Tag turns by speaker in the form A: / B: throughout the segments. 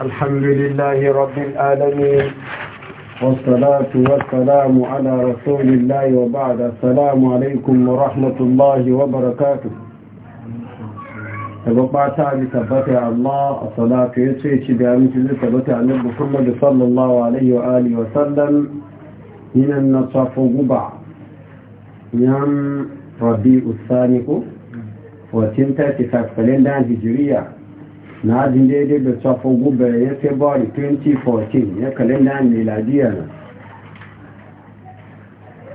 A: الحمد لله رب العالمين والصلاة والسلام على رسول الله وبعد السلام عليكم ورحمة الله وبركاته تبقى تعالي تبتع الله الصلاة يتشيش بأمثل تبتع النبي محمد صلى الله عليه وآله وسلم من النصف قبع يام ربيع الثاني 1435 كالندر هجرية na hajjin daidai da safo gube ya february 2014 ya kalenda miladiya na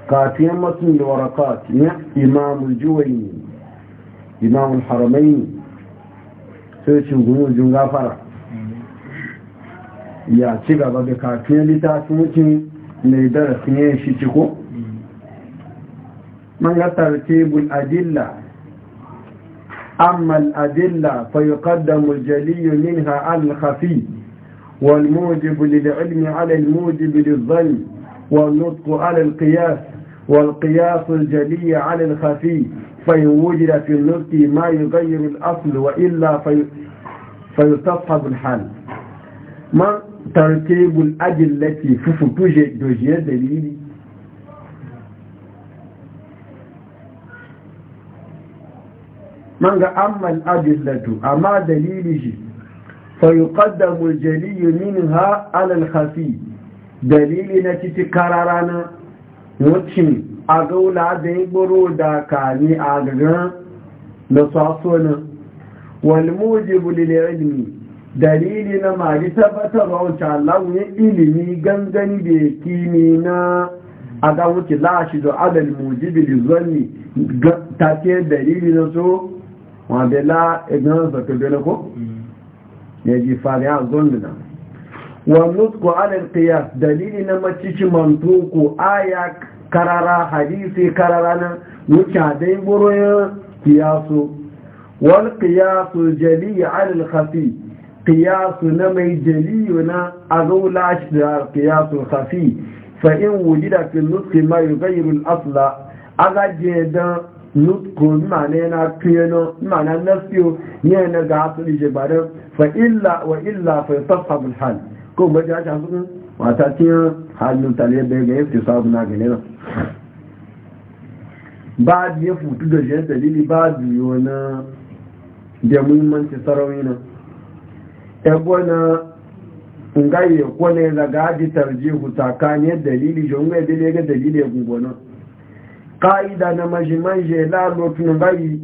A: kafin matsin da warakat na imamul juwayi imamun haramai sai shugunun jun gafara ya ci gaba da kafin littafin wucin mai darasin yin shi ciko man mm. ga tartibul adilla أما الأدلة فيقدم الجلي منها على الخفي والموجب للعلم على الموجب للظن والنطق على القياس والقياس الجلي على الخفي فإن وجد في النطق ما يغير الأصل وإلا في فيستصحب الحال ما ترتيب الأدلة في فتوجه دليل Manga ga amman adillatu amma dalili shi fa yuqaddamu al-jaliy minha ala al dalili na titi kararana wucin a gaula da yi buru da kani a gagan da sassonin walmujibu dalili na mari tabbatarwa wuce Allah ilimi gangani da kimi na a ga wuce lashi da adal mujibu ta ce dalili na so Mm. wọ́n bẹ̀ lá ẹgbẹ̀rún bẹ̀rẹ̀ kó yẹjì fàrí àzọ́nìyà wọ́n nùtkù alẹ́kẹ̀yà dalili na macici mantuku aya karara hadisi karara na wuce dai buroyin kiyasu wal kiyasu jali alilkhafi kiyasu na mai jali na azaula da kiyasu khafi fa'in wujida fi nutki mayu yi asla a je don nutku mane eh, na kiyano mana nasiyo ne na ga su je bare fa illa wa illa fa tasab al hal ko ba ja ta sun wata ti halu tale be ga yafi sabu na gane eh, ba ba da ya futu da je dalili ba da yona da muhimmanci sarauni na ebo na ngai ko ne daga ji tarjihu tsakanin dalili jonga dalili ga dalili gungona?" ƙa'ida na majiman jela lokacin bari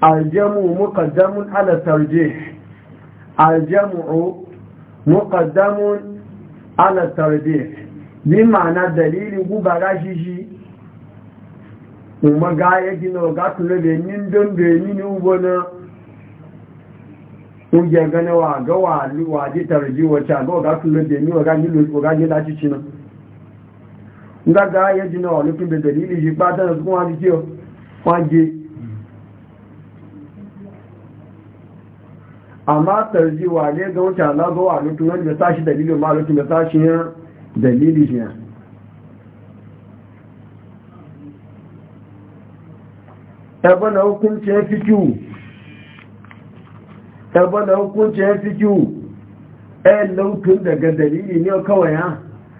A: aljamu muqaddamun ala tarjih aljamu muqaddamun ala tarjih bi ma'ana dalilin gubara shi shi kuma ga ya gina ga tuna da yin don da yi ni ubo na ƙungiyar ganawa ga wa ji tarji wacce ga ga tuna da yi wa ga gina ci cinan gbága ayé jìnà ọ̀lọ́pín bẹ̀bẹ̀ ní ilé pa dára tó wọ́n jẹ́ wọ́n jẹ́ àmá tẹ̀rẹ̀sí wà ní ẹgbẹ̀ oúnjẹ aláàbọ̀ àlótún lọ́nà mẹ́ta ṣe dẹ̀lílò máa lótún mẹ́ta ṣe yán dẹ̀lílì yàn ẹgbọ́n na okun ti ẹ́ fíkú ẹgbọ́n ẹ lóòtún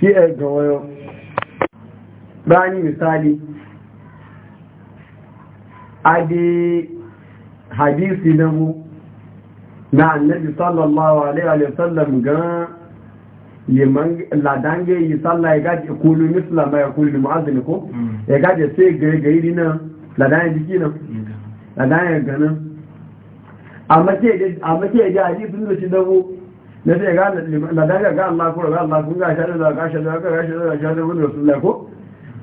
A: shi a ga wayo bani misali adi hadisi na mu na annabi sallallahu alaihi wa sallam ga liman ladange yi sallah ya gaji kulu misla ma ya kulu mu'azzin ko hmm. ya gaji sai gari gari nan ladange jiki nan ladange ganin amma ke amma ke da hadisi ne shi dawo na ce ga ladaga ga Allah ko ga Allah kun ga shaɗa da ga shaɗa ga ga shaɗa da shaɗa wani rasulullah ko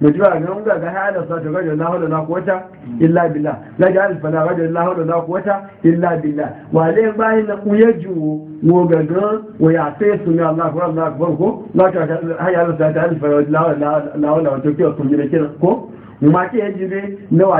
A: na ji ba ga ga ga hada sa ta Allah da na kuwata illa billah la ja al fala gaje Allah da na kuwata illa billah wa le bai na ku ya juwo ga ga wa ya sai su Allah ko Allah ko ko la ta haya da ta al fala la la la to ki ko mu ma ke yaji ne na wa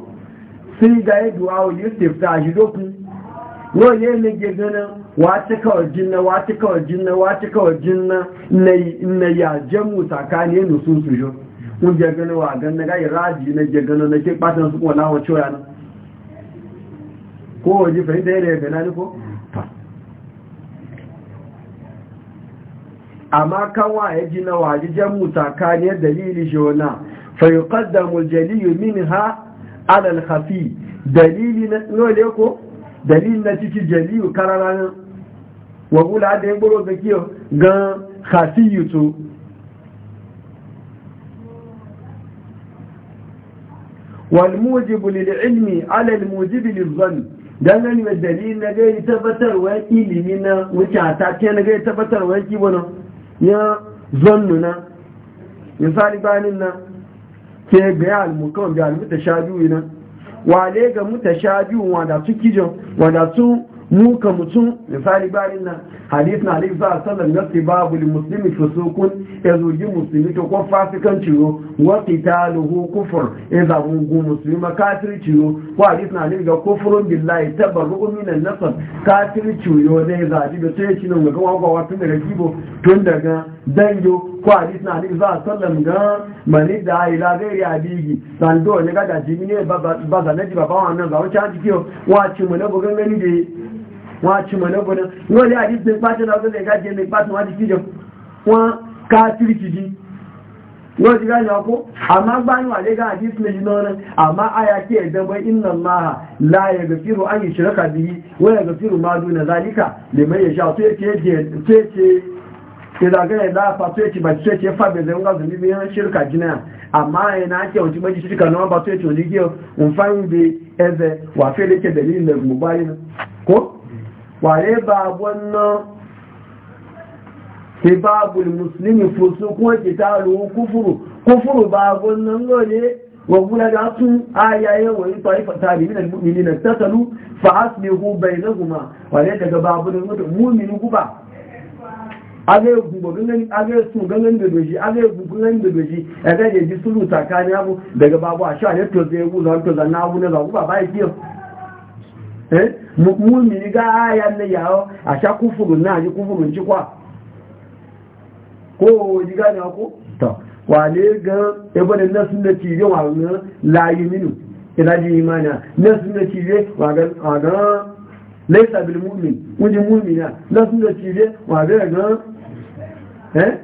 A: sai ga yi duwa wa yusuf ta shi dokun yau yi ni ke ganin wata kawar jinna wata kawar jinna wata kawar jinna na yajen mu tsakani yin sun su jo kun je ganin wa gan na gayi raji na je ganin na ke batan su kuma lawa cewa nan ko waje fahimta yadda ya gana ni ko amma kan wa ya ji na waje jan mu tsakani dalili shi wana fa yuqaddamu al-jaliyu ha. alal hafi dalili na nole ko dalili na ciki jaliyu kararanin wagula da ya gboro da kiyo gan hafi yuto والموجب للعلم على الموجب للظن dangane da dalilin na tabbatar wa ilimi na wuce a take na gai tabbatarwa kibo na ya zonnu na misali banin na ke ga almukan da almutashabiyu nan wale ga mutashabiyun wanda su kijin wanda su muka mutum misali bayan nan hadith na alif za'a sallar na babu muslimi sukun ya zoji musulmi to ko fasikan ciro wa qitaluhu kufur ya zabu gu musulma kafir ciro ko hadith na alif ga kufrun billahi tabarru min an-nasab kafir ciro ne zaji da sai cinan ga kawo kawo tun daga kibo tun daga danjo ko hadith na alif za'a sallar ga mani da ila gairi abigi sando ne ga da jimine ba baba naji baba wannan ga wancan jikiyo wa ci mu na bugan gani da wọ́n ti mọ̀ náà bọ̀dọ̀ wọ́n lè àdí pé pátẹ́ náà ọdún ẹ̀gá jẹ́ pátẹ́ wọ́n ti kíjọ wọ́n káàkiri ti di wọ́n ti gáyà ọkọ́ àmá gbáyìn àlégá àdí méjì náà rẹ̀ àmá ayà kí ẹ̀dẹ́gbẹ́ iná máa láyẹ̀ gẹ̀fìrò ayì ṣẹ́rẹ́kà bí i wọ́n yẹ̀ gẹ̀fìrò máa dùn nà zálíkà lè mẹ́yẹ̀ ṣá tó ẹ̀kẹ́ ìdàgẹ́rẹ̀ láàpá tó ẹ̀kẹ́ bàtí tó ẹ̀kẹ́ fàbẹ̀lẹ̀ ń gázùn níbi yẹn ṣẹ́rẹ́kà jìnà àmá ẹ̀ náà kí ọ̀tí méjì ṣẹ́rẹ́kà náà bá tó ẹ̀kẹ́ òní gẹ́ òǹfàyìn bẹ ẹ̀fẹ́ wà fẹ́lẹ́kẹ́ bẹ̀lẹ́ ilẹ̀ gbogbo ayé náà waye ba wannan sibabul muslimi fusukun qitalu kufru kufru ba wannan lore wagula da su ayaye wani taifa tabi min almu'minin tasalu fa aslihu bainahuma waye daga babul mu'minu kuba Agaye gugu gangan agaye su gangan da doji agaye gugu gangan da doji aga da ji suru tsakani abu daga babu a sha ne to zai gugu zan to zan na abu ne ba ba yi kiyo eh mumini ga ayan na yawo a sha kufurin na ji kufurin ci kwa ko ji gane ku to wale ga ibn e nas na ci yo wa la yuminu ila ji imana nas na wa ga e ga laysa bil mu'min wani mu'mina nas na ci ye wa ga ga eh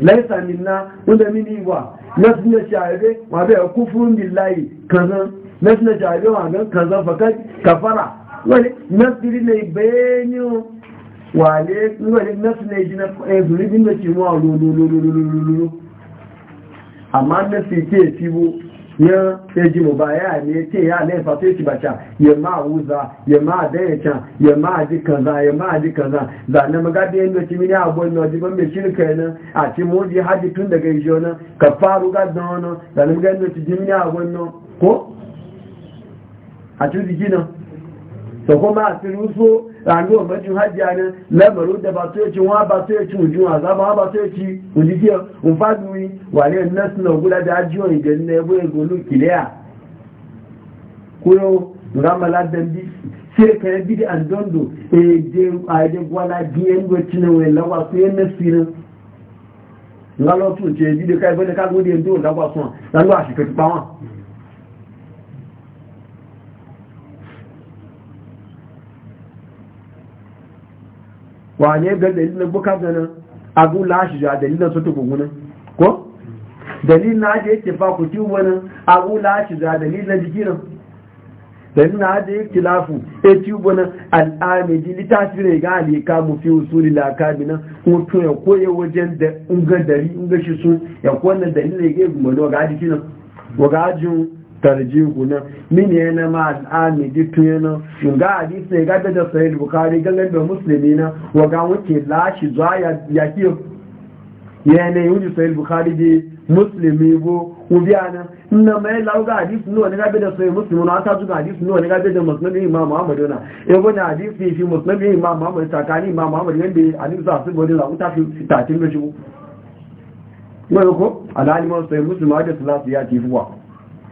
A: laysa minna wanda mini wa nas na ci ye wa ga kufurun billahi kazan nas na ci ye wa ga fakat kafara wani nasiri ne bayanyo wale wani nasiri ne jina e, zuribin da ke mawa lululululululu amma nasiri ke fibo e ya eji mu baya ne ce ya ne fa sai bacha ya ma wuza ya ma da ya can ya ma ji kaza ya ma ji kaza da na maga da yanda ci mini abu ne ji ban me shirka ne a ci mu ji haji tun daga ijo ne ka faru ga da na da na maga da ci mini abu ne ko a ci ji na to kuma a firu so ranuwa majin hajjiya ne lamarin da ba su yaci wa ba su yaci ujun a zama ba su yaci ujikiya unfaduwi wale na suna da ajiyar idan na yabo ya golu kiliya kuyo ramala dambi sai ka yabi da andondo e je a je gwala biyan gwacin wai lawa su yan nasirin lalo tun ce bi da kai bane ka gode ndo lawa sun lalo a shi ka tupa wọn wane ga dalilin buka ganin abu lashi ja dalilin su tukun gunan ko dalilin na da yake faku ci wani abu lashi ja dalilin jikinan dalilin na da yake lafu e ci wani Al'amidi littafi ne ga alika mu fi usuli lakabi nan mutum ya koye wajen da unga dari unga shi sun ya kowane dalilin ya ga gumbano ga jikinan wa ga ajin tarji guna min yana ma al'ami dito yana ga hadisi ne gada da sahih bukhari gangan da musulmi na wa ga wuce lashi zuwa ya kiyo yana yi wuce sahih bukhari bi musulmi bo ubiyana na mai ga hadisi ne wani gabe da sahih musulmi na ta zuwa hadisi ne wani gabe da musnadin imam muhammadu na Ya wani hadisi fi musulmi imam muhammadu takani imam muhammadu ya hadisi za su bodi lau ta fi tatin da shi ko ko alalimin sahih musulmi da salatu ya tifuwa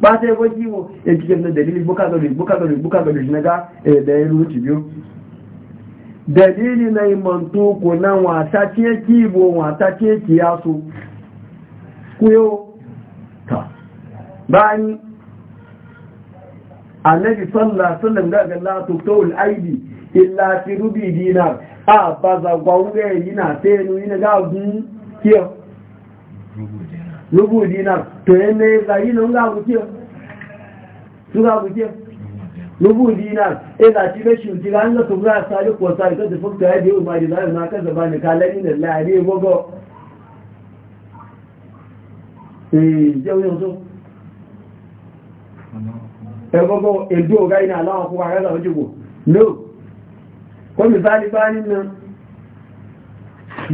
A: ba sai ko kiwo ya kike na dalili buka ga buka ga buka ga shi naga eh, da ya ruci biyu dalili na imantu ko nan wata ce kibo wata ce kiyasu kuyo ta bani annabi sallallahu alaihi wasallam ga ga la tuqtul aidi illa fi rubi dinar a ba za gwaure yana sai nu yana ga gun kiyo lógún dinar tó ẹnẹ ìgbàyí ló ń gáàbù tí ó tó gáàbù tí lógún dinar ẹgbà tí bẹ́ ṣe òtí láńlọ́ tó gbá sáré pọ̀ sáré tó ti fọ́kùtà ẹ̀dẹ́ òun máa dìbà ìrìnà akẹ́sọ̀bá nìkan lẹ́yìn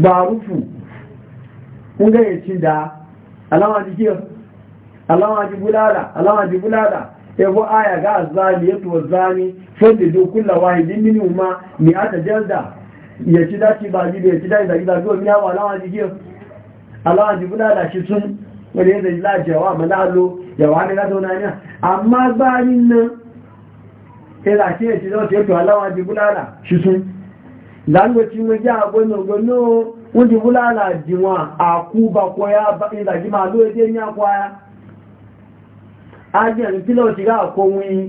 A: gbàrúfù ń gẹ́yẹ̀ tí dáa alama jikiyar alama bulala alama jibulada yabo aya ga azali yato zani fadda do kullu wahidin minhum ma mi'ata jalda ya ci dace ba ji ya ci dace da gida go miya wala alama jikiyar alama shi sun wani da ila jawa malalo ya wani na zauna ne amma zanin nan sai da ke ci da to alama bulala shi sun zan go ci mu ja go no go no wọ́n ti búlára dìwọ̀n àkúbàkọ́yá ìlàjí máa ló ẹdé ní àkwáyá ajẹ́ ìpínlẹ̀ òṣìrá àkọwọ́n yìí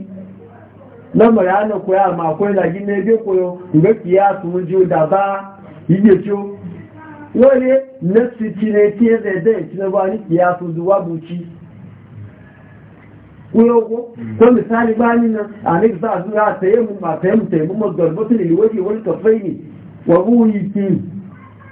A: lọ́mọ̀rẹ̀ ánàkọ́yá àmà kọ́ ìlàjí ní ẹgbẹ́ kọ́yọ ìwé kìí àtúnwọ́n jí ó dàbá ìgbè tí ó wọ́n lé lẹ́sì tí tí ẹ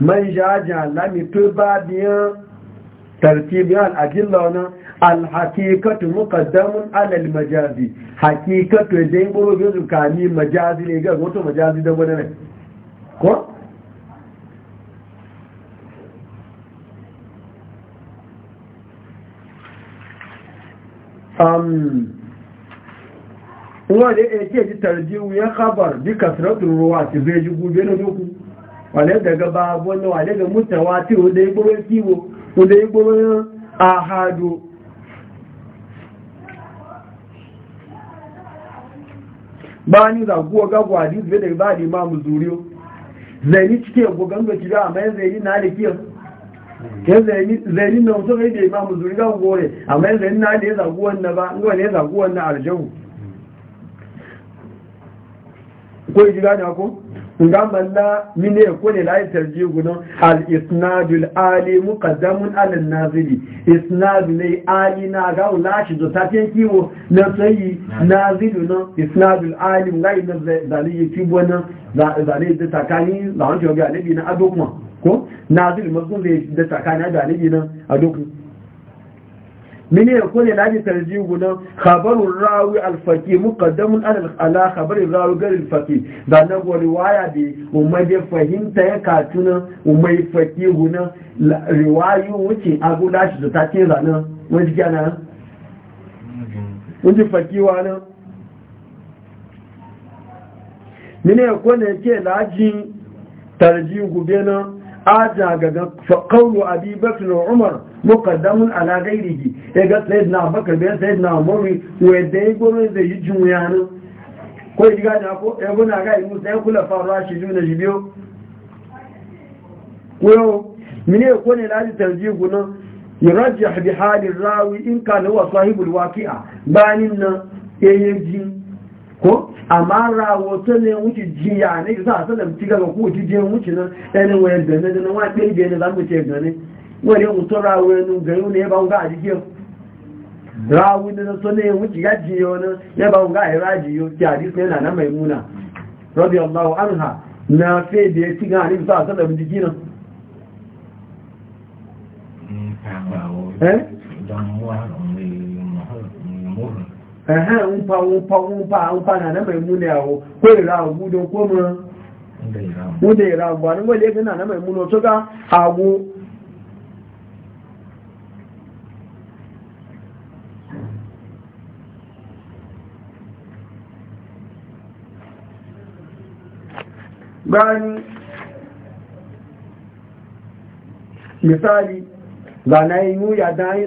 A: من جاجا لم تبع بيان ترتيب يعني الأدلانا الحقيقة مقدم على المجازي حقيقة تزين بلو جزو كامي مجازي لغا غوتو مجازي دبنا نه كو أم وما دي ايجي ترجيو يا خبر دي كثرة الرواتي بيجي بيجي بيجي wale daga babu wani wale ga mutawa ti wanda ya gboro kiwo wanda ya gboro ahado ba ni zaguwa gagwa hadis bai daga ba limamu zuriyo zaini cike gogon ga shiga amma yanzu zaini na da kiyar yan zaini na wasu kai da imamu zuri ga gore amma yanzu zaini na da ya zaguwan na ba inda ne zaguwan ngamba la mine kone la tarji guno al isnad al ali muqaddam ala al nazili isnad ne ali na ga la shi do tatin kiwo na sai nazilu no isnad al ali ngai na zali kiwo na zali da takani la wanjo ga bi na adokuma ko nazil mazun da takani da bi na adokuma من يكون الذي ترجيهنا خبر الراوي الفقيه مقدم على خبر الراوي غير الفقيه ده هو رواية دي وما دي فهمت يكاتنا وما يفقيهنا رواية وشي أقول لاش تتاتين لنا وش كان وش وانا من يكون الذي ترجيه بنا aja gaga faƙaunu abi bakin umar mukaddamun ala gairiki ya ga sayid na bakar bayan sayid na mori wadda ya gwamnati da yi juya ko yi gani ako ya guna ga yi sai ya kula faruwa shi juna shi biyo kuyo mine ko ne lati tarji gunan yurajjah bi halin rawi in kana huwa sahibul waqi'a banin nan yayin jin ko amma rawo to ne wuce jiya ne ga sa sallam ti ga ko ti je wuce nan ɗan waye da ne da wa ɗan je ne za mu ce gane wani wuto rawo ne ga yau ne ba ga ajiye rawo ne to ne wuce ga jiyo ne ya ba ga ai rajiyo ti hadis na maimuna radiyallahu anha na fe da ti ga ne sa sallam ti gina eh Ehe ń pa wọn pa wọn pa àwọn pa nànà mẹ́múnẹ̀ àwọ̀ kó ìrà àgúdó kó mọ́ wọ́n ìrà àgbà misali gbà náà inú yàdá ayé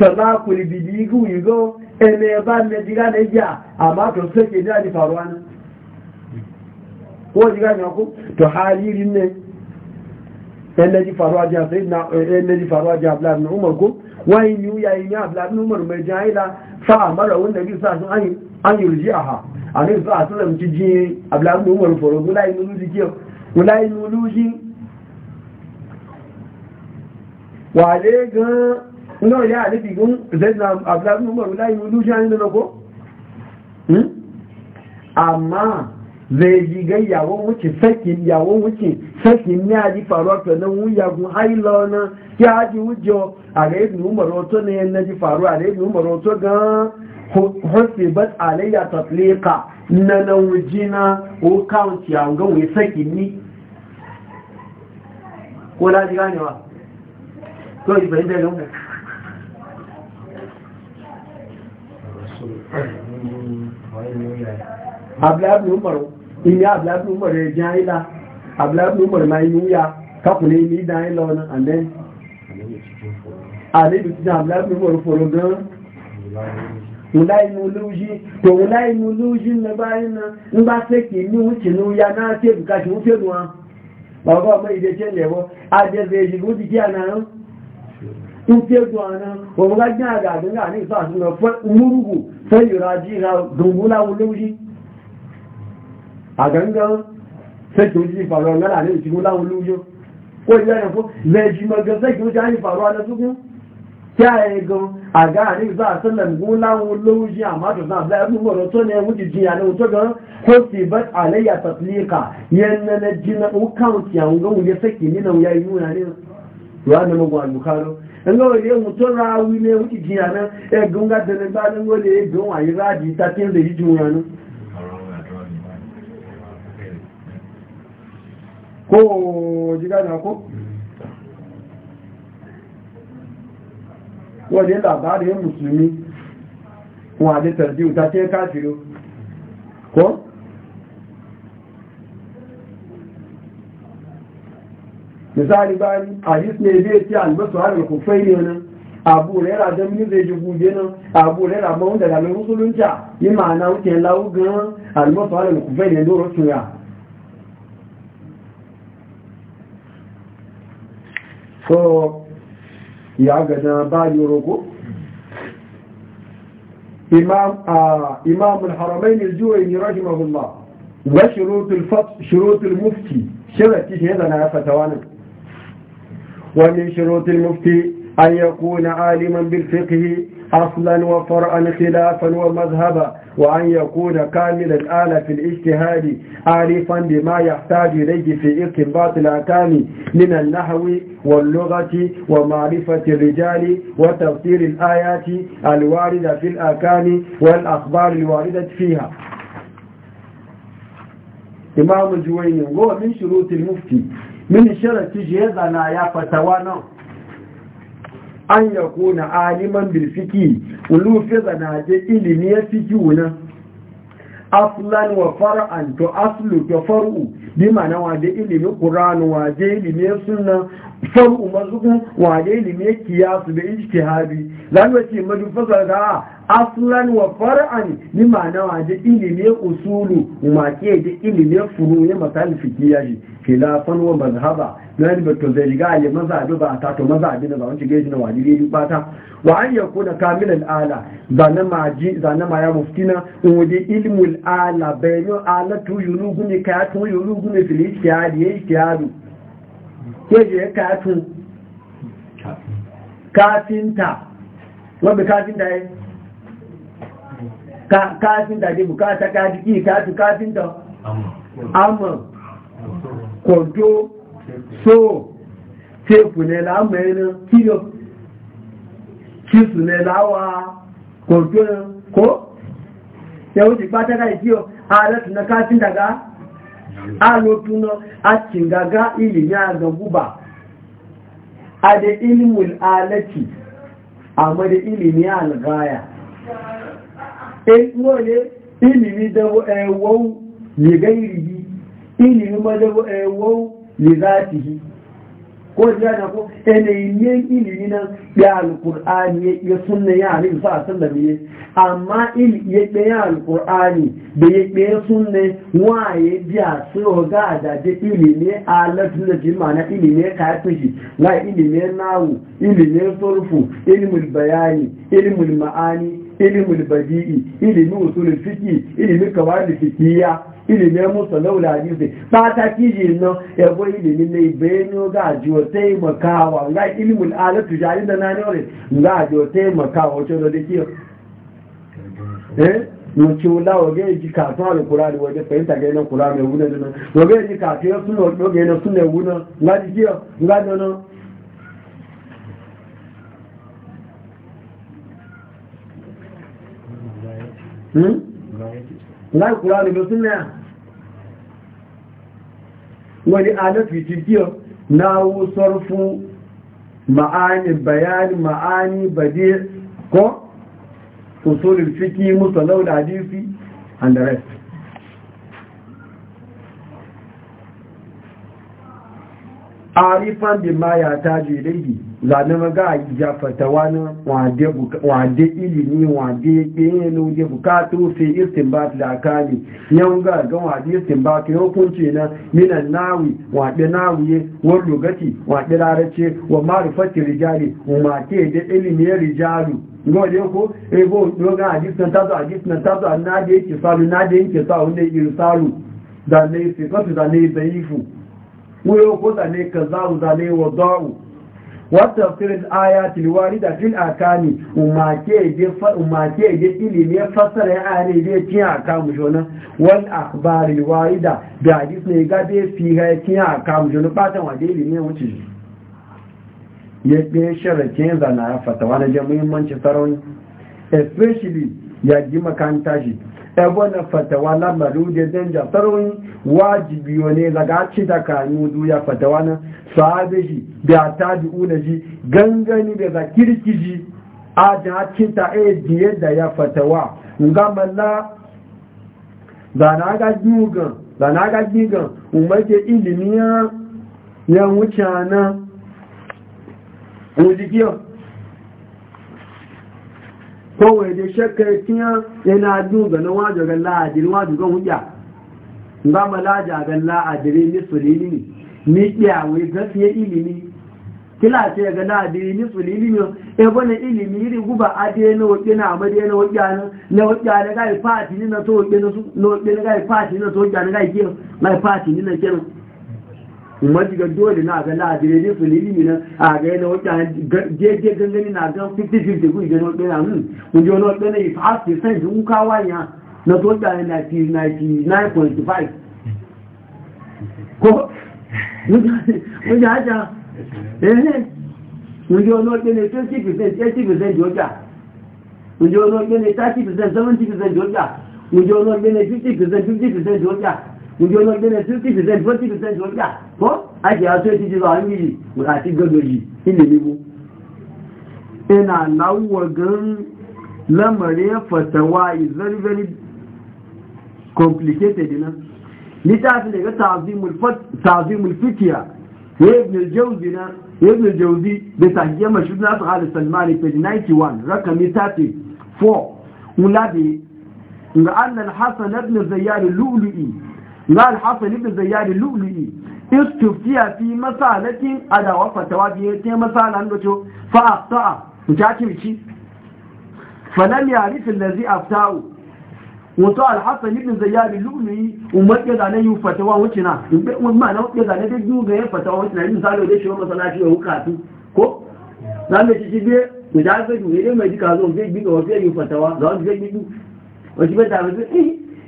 A: tama kuli bidigu yigo ene ba ne diga ne ja amma to sai ke da ni faruwa ne ko diga ne ku to haliri ne ene di faruwa ja sai na ene di faruwa ja abla ibn umar ko wai ni ya yi abla ibn umar mai jahila fa amara wanda bi sa sun an an yurjiha ani sa sun ci ji abla ne umar foro gula yi nulu dikiyo gula yi nulu ji wale gan náà yá àdébì gún zedna abdullahi umaru láyé olúṣẹ́ àyín lọ́nà kó hmm? àmá zèyí ga ìyàwó wúkì sẹ́kì ìyàwó wúkì sẹ́kì ní àjí pẹ̀lú wúyagun hailọ náà kí a jí wújọ àrẹ́bìn umaru tó ní ẹnẹ́ jí faruwa àrẹ́bìn umaru gan nana ga ni ko yi abúlábùn mọ̀rọ̀ ilé abúlábùn mọ̀rọ̀ ẹjẹ́ àìlá abúlábùn mọ̀rọ̀ ma inú ya kápùlẹ̀ ilé ìdá àìlọ ọ̀nà àmẹ́ àlébì tí abúlábùn mọ̀rọ̀ fòrò gan ńlá inú lóújí tó ńlá inú lóújí lẹ́bá iná ń bá sẹ́kì ní ìṣìnú ya náà tẹ́bù káṣí ó fẹ́ in fiye zuwa nan wa mu gajin a gajin ga sa su na murugu sai yuraji na dungula wuluji a gangan sai ki wuce faruwa ngana ne ki wula wuluji ko ya ne ko zai ji magan sai ki wuce an faruwa na su kyaye gan a ga ne za a sallan gula wuluji amma to na zai mu moro to ne mu ji ya ne to gan ko si bat alayya tatlika yanna na jina u count mu ẹlọ́rọ̀ yẹ mú tó ra wí ní ìjì àná ẹgbùn gádẹ̀lẹ̀ bá ní wọ́n lè gbùn àyíráàdì tàbí lè yíjú wọn nú Ko kó ò tàbí káàkiri kọ́ misali bani hadis ne zai ce albasu har alkufai ne nan abu yana don min zai ji guje nan abu yana ma wanda gamin musulunta yi ma'ana wuce lawu gan albasu har alkufai ne doro suya so ya gada ba yi roko imam al-haramain al-juwayni rahimahullah wa shurutul fath shurutul mufti shirati shi yana na fatawa nan ومن شروط المفتي أن يكون عالما بالفقه أصلا وفرعا خلافا ومذهبا وأن يكون كامل الآلة في الاجتهاد عارفا بما يحتاج إليه في إقباط الأكام من النحو واللغة ومعرفة الرجال وتفسير الآيات الواردة في الأكام والأخبار الواردة فيها إمام الجويني هو من شروط المفتي min sharafi je zana ya fatawa nan an ya kona aliman bilfiki ulufi zana je ilimi ya fiki wunan aslan wa far'an to aslu to far'u bi ma'ana waje ilimin ƙuran waje ilimin sunna far'u mazukun waje ilimin qiyas bi ijtihadi zanwaci madufasa ga aslan wa far'an ni ma'ana wa da ilimin usulu ma ke da ilimin furu ne masal fikiya shi khilafan wa mazhaba nan ba to zai ga ya mazhabi ba ta to mazhabi na zawanci gaji na wajibi duk bata wa an yakuna kamilal ala zana ma ji zana ma ya muftina in waje ilmul ala bayu ala tu yulugu ne ka tu yulugu ne fil ihtiyadi ihtiyadu ke je ka tu kafinta wọ́n bí káfíntà yẹ káfíntà dé bukata káfíkí káfí káfíntà amọ̀ kọjó so teepu nẹ́lá mẹ́rin kílò kíṣù nẹ́lá wà kọjó kó yẹ̀wó ti pátákà ìdíò ààrẹ amma da ilimi algaya eh wani ilimi da eh, wau li ilimi ma da eh, wau li ko ya da ko yanayin ilimi nan ya alkur'ani ya sunna ya sa amma il ya da ya alkur'ani da ya da sunna waye ya biya so ga da da ilimi alatu jima na ilimi ka fushi na ilimi nawu ilimi sulfu ilimin bayani ilimin ma'ani ilimin badi'i ilimi usulul fiqh ilmi da fiqhiyya ilimin musu laula hadisi ba ta kiji nan yabo ilimin ne bayani ga jiwa taimakawa ga ilimin alatu jari da nani wani taimakawa wacce da da wani alafi cikiyar na wusar fun ma'ani bayani ma'ani bade ko usulul fiki musallau da hadisi and the rest arifan bi ma ya taji ilaihi zane ga ya fatawa na wande ilimi wade ɗaya na wade bukatu fi istinbat da akali yan ga ga wade istinbat ya hukunci na minan nawi wade nawiye wani lugati wade larace wa marifatin rijali ma ke da ya rijalu ga de ko do e ga hadis na tazo hadis na tazo an na de yake salu na de yake salu wanda yake salu da ne fi ko da ne zaifu wuyo ko ne ka zaru zane wa zaru wata firin ayatul warida fil akami umake je fa umake je ilimi ya fassara ya ayane je tin akamu jona wal akhbaril warida da hadis ne ga be fi ga tin akamu jona patan wa je ilimi ya wuce ya be sharatin zana fatawa wani jami'in muhimmanci sarauni especially ya ji makanta shi ebona fatawa la maruje danja sarwin wajibi ne zaga ci da kanu ya fatawa na sahabe ji da tabi'una ji gangani da zakirki ji a da ci ta e biye da ya fatawa ngama la da na ga gigan umaje ilimiya ya wuce na wujikiyo kowai da shakka tiya na dun ganin wajen ga la'adiri wajen ga hujja ba ma laja ga la'adiri misulini ne ni kiyawai gafiye ilimi kila ce ga la'adiri misulini ne e wani ilimi iri guba ade na wakil na amadi na wakil na na wakil na gai fati ni na na na na majiga dole na ga ladire ne su lili ne a ga yana wata jeje gangani na gan 50-50 hmm, kun jana wadda na mun kun jana wadda na yi fa su san shi kuka na to da na 99.5 ko mun ja ja eh kun jana wadda ne 50% 80% joja kun jana wadda ne 30% 70% joja kun jana wadda ne 50% 50% joja níbi ọlọ́gbẹ́ rẹ̀ tí ó kìí ṣẹ̀ṣẹ̀ twenty percent wọ́n gbà fọ́ àti àṣọ ètí ti wà níbi yìí àti gbogbo yìí ilẹ̀ níbo. ina láwùwọ̀ gan lamarin fatawa is very very complicated na littafi ne ga tazimul fitiya ya ibn al-jawzi na ibn al-jawzi da tahiyya mashhud na sahal salmani page 91 rakami 34 ulabi ga annal hasan ibn zayyad al-lu'lu'i قال حسن بن زياد اللؤلؤي استفتي في مسألة أدا وفتوى بيتي مسألة أنه فأخطأ متعكي بشي فلم يعرف الذي أفتاه wato alhassan ibn zayyari al umar ya zane yi fatawa wacce na umma ya zane da biyu ga fatawa wacce na misali da shi wa masallaci ko dan da shi be mu da zai ne mai zo zai bi ga wasu yi fatawa za zai bi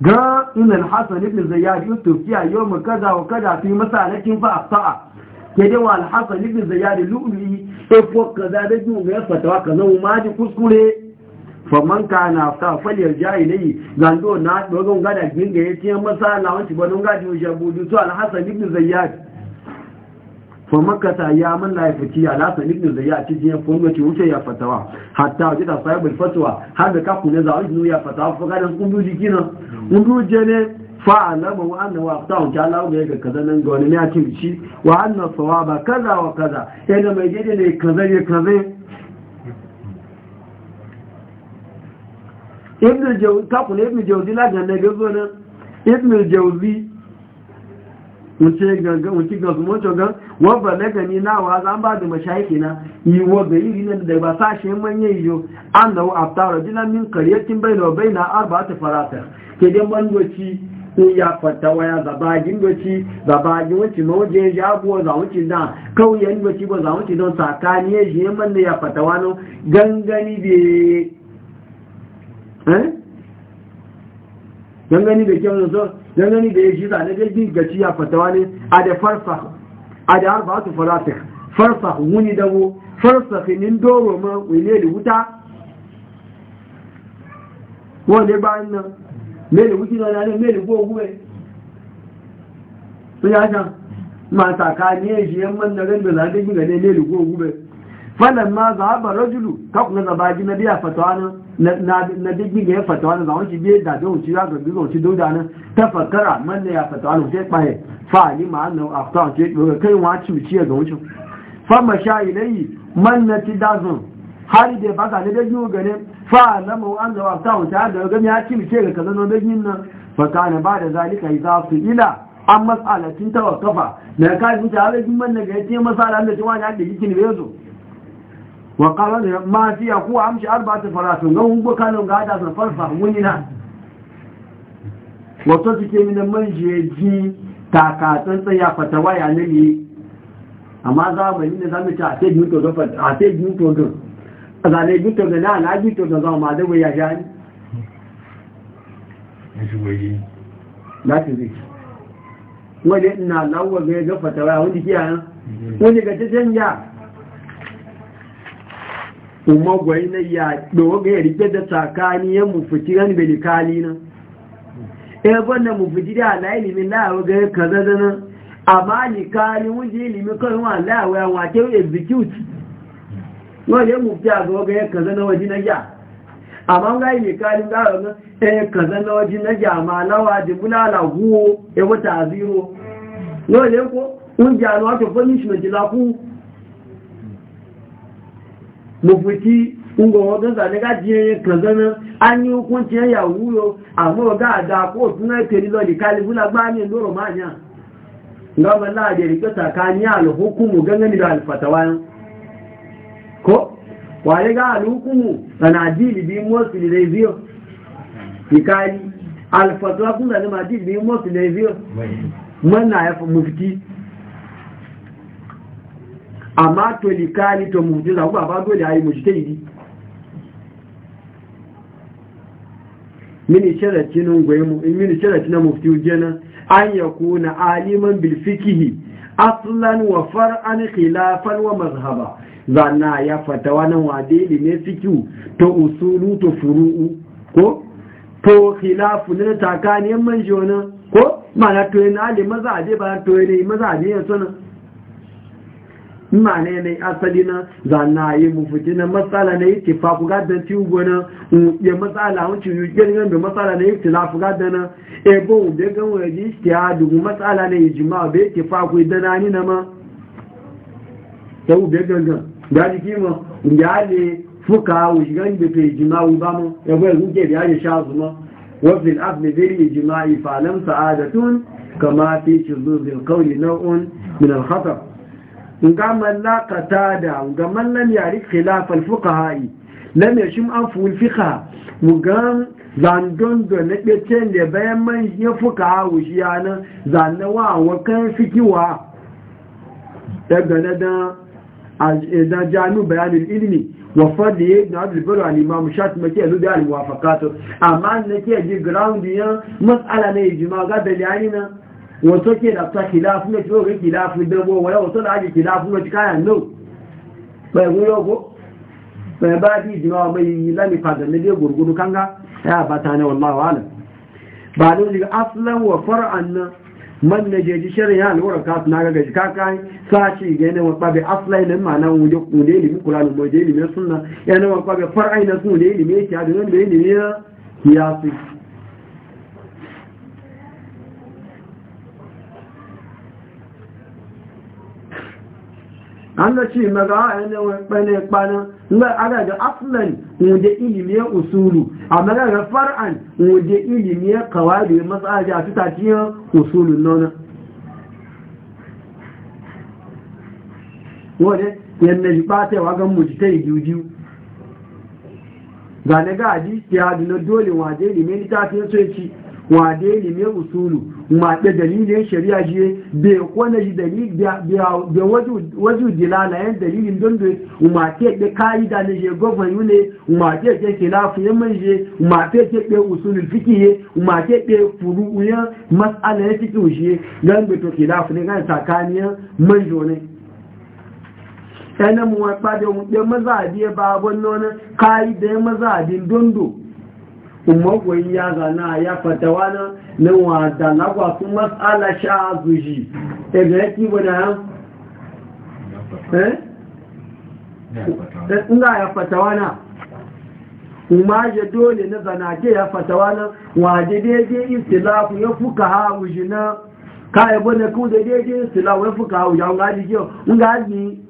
A: ga inal hasan ibn zayyad yusuf ya yawm kaza wa kaza fi masalakin fa afta'a ke dai wal hasan ibn zayyad lu'li e ko kaza da ju ga fatawa kaza mu ma ji kuskure fa man kana afta fa lil jahili zando na dogon gada ginga yace masala wanci ba Gadi gaji shabudu to al hasan ibn zayyad fa makata ya man la fiti ala ta nidu da ya ci jiya fa mutu wuce ya fatawa hatta jita sahibi fatwa har da kafu ne za a ya fatawa fa garin kun buji kina kun buje ne fa alama wa anna wa ta'u jala wa ga kaza nan ga wani ya ci shi wa anna sawaba kaza wa kaza idan mai gidi ne kaza ya kaza ibnu jawzi kafu ne ibnu jawzi la ga ne ga zo nan ibnu jawzi wuce gangan wuce ga su moto gan wabba na gani nawa zan ba da mashayiki na yi wa ga iri nan da ba sashe manye yiyo an da afta rajulan min qaryatin bayna bayna arba'ati farata ke dan bangoci ko ya fata waya zabagin goci zabagin wuce ma ya abuwa za wuce da kauyen goci ba za wuce don sakani ya je man da ya fata wano gangani be eh gangani da kyau da dangane da ya shi zane da bin fatawa ne a da farsah a da harfa su farasih farsah wuni dabo farsahinin doro ma wile da wuta wanda ba nan mele wuki na ne mele go guwe ya man na zaɗin gane falan ma za ba rajulu ta kuma zaba ji na biya fatawa nan na digbi ga ya fatawa nan zawon shi biye da don ci ya gabi zo ci dauda nan ta fakara manna ya fatawa nan sai kwaye fa ni ma na afta ce ga kai wa ci ci ga wucin fa ma sha ilai manna na ti dazun har da ba ga ne da yiwu gane fa na mu an zawa ta wuta da ga ya ci wuce ga kaza na da nan fa kana ba da zalika za su ila an mas'alatin kafa na kai mutare a man na ga ya ce masala da wani ya da yikin bezo وقال ما في أقوى أمشي أربعة فراسون قوم بكانوا قاعدة فرفع وننا وتسكي من المنجي takatun tsaya fatawa ya nani amma zamani ne zamu ta sai mutu da fat a sai mutu da azale mutu da na na mutu da zama da waya jani
B: shi waye lati zai
A: wani ina lawa ga fatawa wani kiyaye wani ga umma gwai na ya doga ya rike da tsakani ya mufuti gani bai likali na ebon banda mufuti da ala ilimin lawa ga kaza da nan amma likali kali ilimin kawai wa lawa ya wake execute wani ya mufuti a ga ya kaza na waje na ya amma ga yi kali ga na e kaza na waje na ya ma lawa da bulala guwo ya e, wata zero wani ya ko un jano wato punishment la ku mafuki ungo hoton zane ga jiyayen anyi an yi hukunciyar yawuyo a ga da ko suna kelilo da kalibula gbani loro manya ga malla da rike tsakani alhukumu gangani da alfatawayan ko wale ga alhukumu sana dili bi mosu da izio ikali alfatawa kun zane ma dili bi mosu da izio manna ya mafuki amma to kali to mujiza ku ba dole ayi mujtahidi mini shara nun goyemu mini shara na mufti ujena an yakuna aliman bil fiqhi aslan wa far'an khilafan wa mazhaba zanna ya fata nan wade ne fiqhu to usulu to furu'u ko to khilafu ne takaniyan manjona ko mana to yana ali mazabe ba to yana mazabe yana ma ne ne asali na na yi mu fiti na matsala na yake fa ku gadan ti ugo na mm, ya matsala hun ci yuke ne matsala na yake la ku gadan na e bo de gan wa ji ti a du matsala na ijma be yake fa ku dana ni na ma to be gangan ga ji ki mo ya le fuka u gan be pe ijma u ba mo e bo ku e ke ya ji sha su mo wa fil abdi bil ijma'i fa lam sa'adatun kama fi shuzuzil qawli naw'un min al khatar nga man la qatada nga man lam yari khilaf al fuqaha lam yashim an fu al mugan zan don do ne be bayan man ya fuqaha wushi yana zan na wa wa kan fikiwa daga na da eh, da janu bayan al ilmi wa fadi ibn abd al bari al imam shat maki alu da al muwafaqat amma nake ji ground ya mas'ala ne ijma ga dalilina wato ke da ta khilafu ne to ga khilafu da bo wato da ake khilafu ne kaya no bai guyo ko bai ba di jima bai lami fada ne dai gurgudu kanga ya ba ta ne wallahi wala ba don diga aslan wa far'an nan man ne je ji shari'a alwara ka na ga gaji ka kai sashi ga ne wa babe aslan nan ma nan wuje ku ne limi qur'ani mu je limi suna, ya wa na ne limi ya ne ya siyasi an ce maga a yana wani kpanin nga aga da aslan wuje ilimi ya usulu a maga da far'an wuje ilimi ya kawai da matsaji a tutaciyar usulun nona wadda yadda ji ɓata wa gan mu ji ta yi juju ga na gaji ya dole waje ilimin littafin soci wade ilimin usulu maɗe dalilin shari'a jiye bai kone ji dalil da wajen yan dalilin don da umarce ɗe ka'ida ne je gwamnan yune umarce ɗe kilafu ya manje umarce ɗe usulul fikiye umarce ɗe furu'uyen matsalayen fikin shi don bai to kilafu ne kan tsakaniyar manjo ne ɗanen mu wa da mu ɗe maza a biye ba abin nonin ka'ida ya maza a bin dondo umarwai ya zana ya fatawa na na wada lagwa sun matsala sha zuji Ebe ya ƙi wani ha? eh? ina eh, ya fatawa na umarje dole na zana ya fatawa na wade daidai istilafu ya fuka ha wuji na ka ebe na kuda daidai istilafu ya fuka ha wuji an gaji kiyo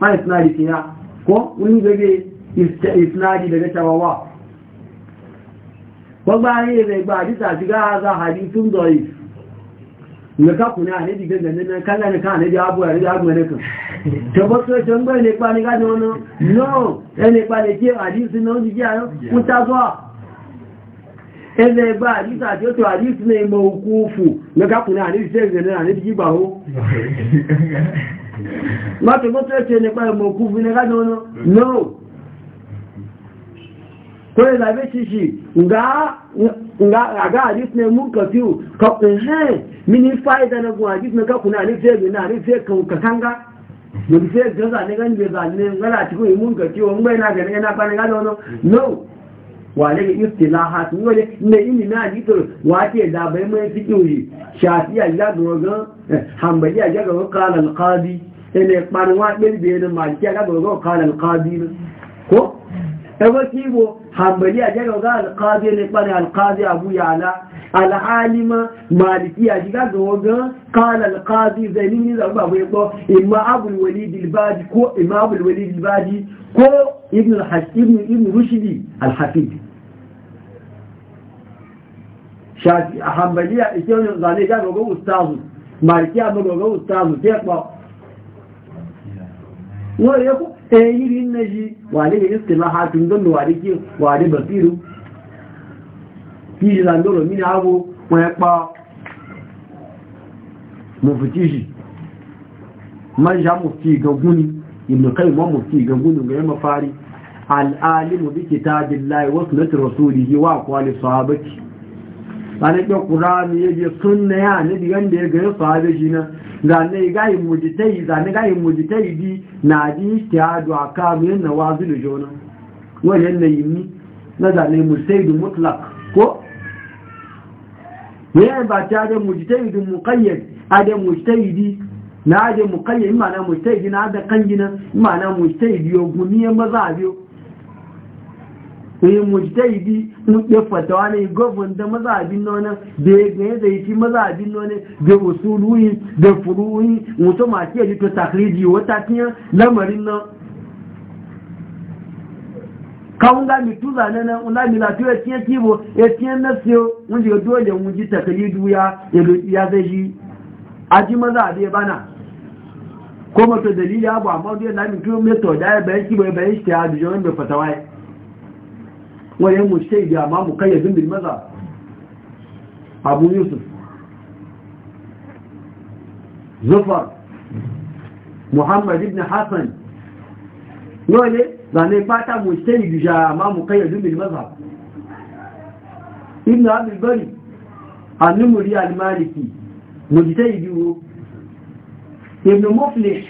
A: ma isnadi kina ko wani gabe isnadi daga tawawa gbogbo ne zai ba hadisa shiga za ka kuna ne ne ka ne abu ya abu ne ka to ba so ne pa ga no no e no ne pa ne ki hadisi no di ya ku ta zo ele ba hadisa ti o to hadisi ne mo kufu ka kuna ne se ne di mọ́tò mọ́tò ẹ̀tẹ́ nípa ẹ̀mọ̀ òkú fún ní kájọ ọ̀nà no kò lè làbí ṣíṣì ǹgá àdísìnà mú kàfíù kọkùn hẹ́n mi ní fáìdánagun àdísìnà kọkùn náà nífẹ́ mi náà nífẹ́ kankanga lòdìfẹ́ gẹ́gà nígbà nígbà nígbà láti kó ìmú kàfíù ọgbẹ́ náà gẹ̀ẹ́gẹ́ náà wale ga istilahat eh, ni wale ne ilimi na jitor wace labai mai fikiri shafiya ya dogon hambaliya ya ga kala alqadi ene parwa bilbe ne maliki ya ga kala alqadi ko ebo kibo hambaliya ya ga alqadi ne kwana alqadi abu la? al'alima malikiya shiga ga wagan kala alkazi zai ni zarba bai ko imma abul wali albadi ko imma abul walid ko ibn al ibn rushdi al-hafiz shafi a hanbaliya ike wani zane ga ga ustazu malikiya ga ga ustazu ko eh, don ke basiru kíyí làndọ́rọ̀ mí ní ààbò wọn ẹpa mọ̀fìtíṣì ma ya mọ̀fí gaguni ìmọ̀kai ma mọ̀fí gaguni ga ya mafari al'alimu bi kitabillahi wa sunnati rasulihi wa aqwali ya da ya shi na da ne ga yi mujitai da ne ga jona ko yayin ba ta da mujtahidin muqayyad ada mujtahidi na ada muqayyad ma'ana mujtahidi na ada kangina ma'ana mujtahidi yo guniye maza biyo sai mujtahidi mun ya fatawa ne gobon da mazhabin nonan da ya ga da yake mazhabin nonan da usuluyi da furuyi mutum a ke ji to takridi wata tiyan lamarin nan kawun ga mitu zane na, ula mi lati ya tiye kibo ya tiye nasiyo wanda ya dole mun ji takalidu ya ya zai ji maza a bai bana ko mato dalili abu amma dai na mitu mai to da ya bayan kibo ya bayan shi ta hadu jawon bai fatawa ya wayan mu shi da amma mu kai ya bil maza abu yusuf zufar muhammad ibn hassan yau zane fata mu sai bija ma mu kai yadu bil mazhab ibn abdul bari an-numri al-maliki mujtahidi ibn muflih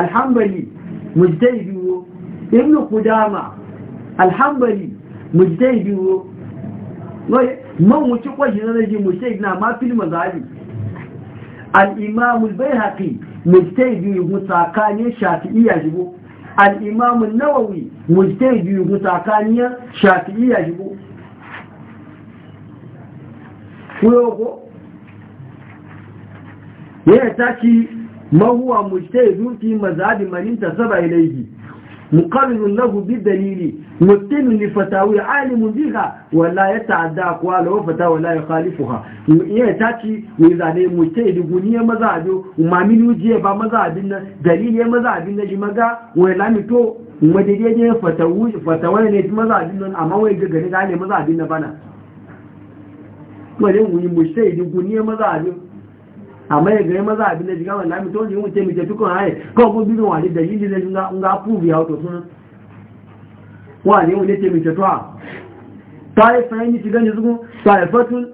A: al-hanbali mujtahidi ibn qudama al-hanbali mujtahidi man wuce kwashi na rajin mujtahidi na ma fil mazhabi al-imam al-bayhaqi mujtahidi mutsakan shafi'iyya jibo al'imamun nawawi mujtai biyu ku tsakaniyar shafi'iyya shigo kuyoko yana tashi mahuwa mujtai zuki mazhabi marinta saba ilaihi مقرر له بالدليل متن لفتاوى عالم بها ولا يتعدى أقواله فتاوى ولا يخالفها يتاكي وإذا لي مجتهد بني مذابه وما من يجيب مذابنا دليل مذابنا جمعا ولا متو ومدريجين فتاوى فتاوى نيت مذابنا أما ويجغني غاني مذابنا بنا ولن يمجتهد بني مذابه amma ya gaya maza abin da shiga mai lami to jin wuce mace tukun haye kawai ko bidon wani da yin na shiga ga pubi ya wato suna wani wani ce mace tuwa ta yi sayan yi shiga ne zuku ta yi fatun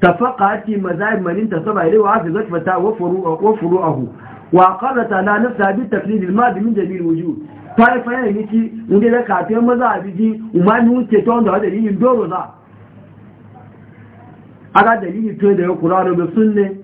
A: ta faƙa ake mazahib manin ta saba ilai wa hafi zai fata wa furu ahu wa ƙarata na nafsa bi taklidil ma bi min jami'in wuju ta yi sayan yi ki wunde da ka kafin maza abiji umarni wuce to wanda wa dalilin doro za a ga dalili to da ya kura da sunne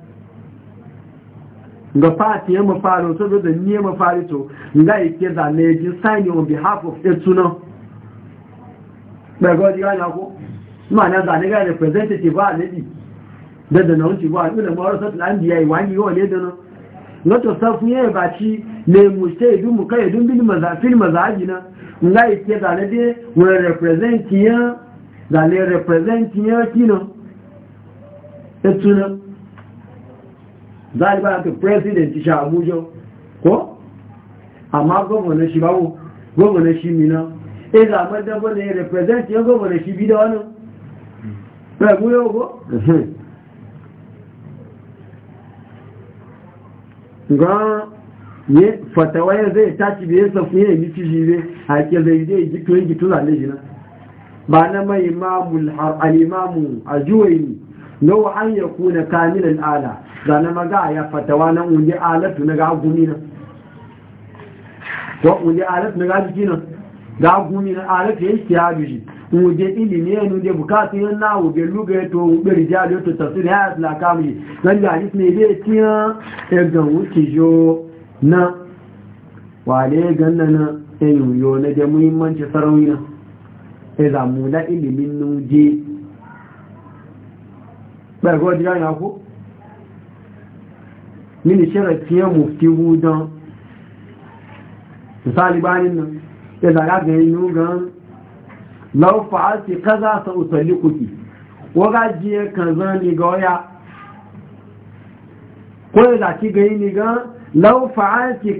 A: ga fati ya mafari to da ni ya mafari to ga yake zane ji sign on behalf of etuna daga wajen yana ma na zane ga representative ba nabi da da nauci ba ina ma rasul an ya yi wani yau ne da na to safu ya ba ci ne mu sai du mu kai dun bil mazafil ji na ga yake mu ya ya etuna zaliba ka president Sha abuja ko amma gwamnan shi bawo gwamnan shi mina e eh, ga madan gwamna ya represent ya gwamnan shi bi da wani ragu yau ko ga ne fatawa ya zai tashi bai safi ya yi ci jibe a ke zai zai ji tuyin gitu zane shi na ba na mai imamul a juwai a na wa'an an kuna kamilan ala zane maga ya fatawa nan wunde alatu na gagumi nan to wunde alatu na gagumi nan gagumi nan alatu ya shi ya duji wunde ilimi ya nunde bukatu ya na wunde luga ya to wunde rijali to tafsir ya yasu na kamuli zan da ne bai tiya ya ga wuce jo na wale ganna na ya yo na da muhimmanci sarauni na ya zamu na ilimin nuje ɓargo jira ya ku mini sharatiyar mufti hudon misali banin nan ya zaga ga yi yugan laufa'alti kaza sa usalli kuki wagajiye kan zan ga waya ko ya zaki ga yi niga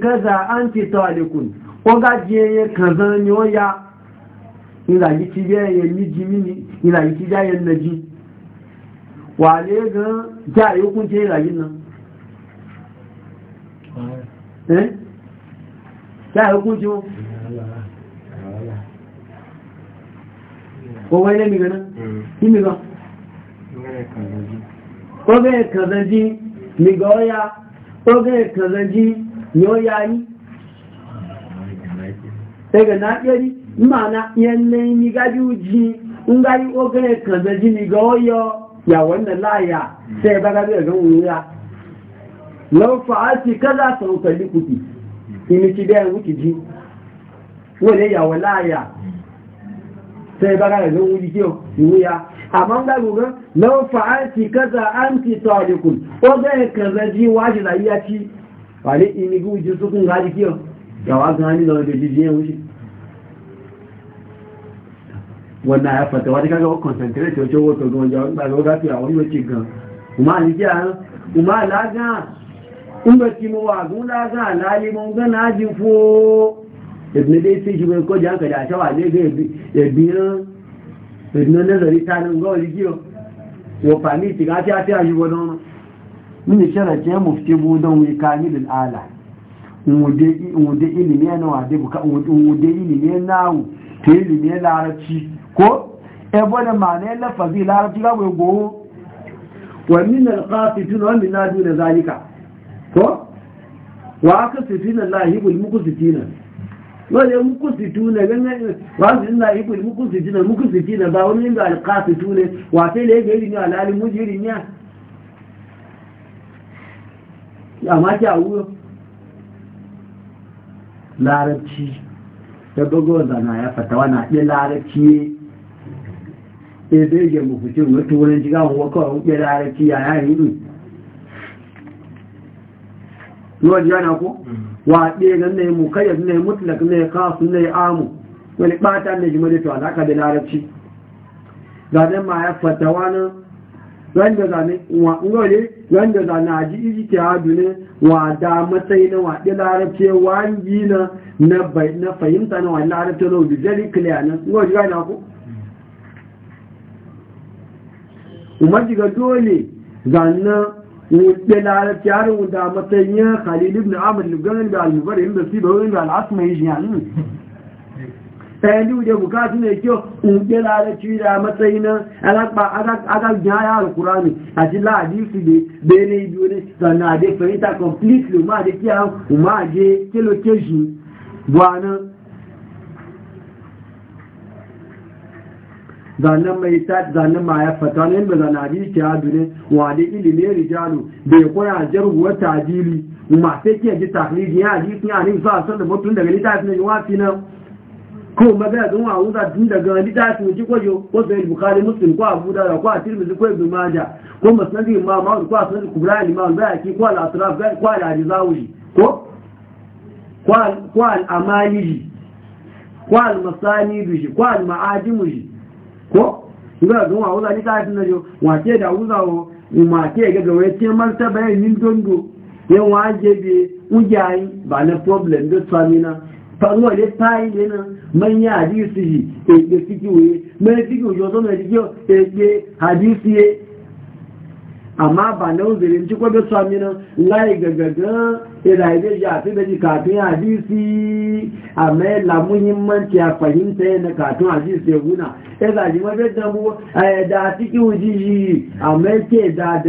A: ka za an ti talikun wagajiye kan zan yi waya ilayi ti biyayen miji mini ina ilayi ti biyayen naji wale ga jayi hukunce ilayi nan láàrín ogún jí wọn owó ilé mìíràn oge oge ni ó yá yí ní gájú jí ń gáyí nà tẹ́ bá gábẹ̀ lan fa'ati kaza san kalli kuki kimi ci da wuki ji wale ya walaya sai ba ga zo wuji ke wuya amma da goga lan fa'ati kaza anti talikun o ga kaza ji waji da iya ci wale ini gu ji su kun gaji ke ya wa ga ni da ji ji wuji wannan ya fata wani kaga concentrate wajen wato gonja ba ga ga fi a wani wace gan kuma ni ya kuma lagan in tí mo wà gún lágá àlàyé mo ń gán náà jí fún ó ìpínlẹ̀ dé sí ìṣúgbọ́n ẹ̀kọ́ jà ń kẹ̀dà àṣà wà lẹ́gbẹ̀ẹ́ ẹ̀bí rán ẹ̀bí rán lẹ́sọ̀rí tánú ńgọ́ orí kí ọ wọ́n pàmì ìtìká tí a tí a yíwọ́ dánwọ́n mí ní ṣẹ́rẹ̀ tí mo fi mú dánwọ́ ika nílùú àlà òwòdé ìlìmí ẹ̀ náà àdébù òwòdé ìlìmí ẹ̀ náà wù tó ìlìmí ẹ̀ lárabci ko ẹbọ́ ni màá ní ẹlẹ́fà sí lárabci láwọn egbò wọn mí nà ko wa aka sitina lahibul muqsitina wale muqsituna ganin wa sinna ibul muqsitina muqsitina ba wani ga alqasituna wa sai le gairi ni alali mujiri ni ya ma ki awu larabci da dogo da na ya fata wana ɗin larabci ne ɗaya e zai mu fitin wata wurin jiga wa kawai wuɗe larabci ya yayin yiwa jiyana ko mm. wa ɗaya nan ne mu kayyar ne mutlak yi kasu na yi amu wani ɓata ne jimale to alaka da larabci zanen ma ya fata wani wanda zane wa ngole wanda zane a ji iji ke hadu ne wa da matsayi na wa ɗi larabci wangi na na fahimta na wani larabci na wuzi jari kiliya na ngole jiyana ko umar jiga dole zanen ɗela kyarin da matsayin khalil ibn amur da almubar inda si bayan da al'asma yi jiya nun ɗayan duk da bukatu ne kyau in ɗela da ciri da matsayin alaƙa agar jaya al-kurani a ji ladi su da bere biyu ne sannan a dai fahimta completely ma da kiyar ma je kilo kejin buwanan zanen mai ta zanen ma ya fata ne ba zana bi ta yadu ne wa da ilimin rijalu bai koya jarhuwa tajili ma sai ke ji taklidi ya ji sun yanin sa san da mutum daga littafin ne wa fi nan ko ma ga don wa wuza tun daga littafin ji kojo ko sai bukhari muslim ko abu da ko tirmidhi ko ibn majah ko musnad imam ahmad ko asnad kubra imam bayaki ko al-atraf ko al-rizawi ko ko al-amali ko al-masani ko al-ma'ajimu ko ga ga wa wala ni ka tin jo wa ke da wuza wo ma ke ga ga wai tin martaba yin nin dondo yan wa je bi ujayi ba na problem da tsamina faruwa le tayi le na man ya e ke we me me e ke hadisi amma ba na uzirin ci kwabe sami nan layi gagaga iraide ya fi da jikatun hadisi a mai lamuhimmanci a fahimta yana katun hadisi ya guna ya zaji mafi damu a da ciki wujiji a mai ke na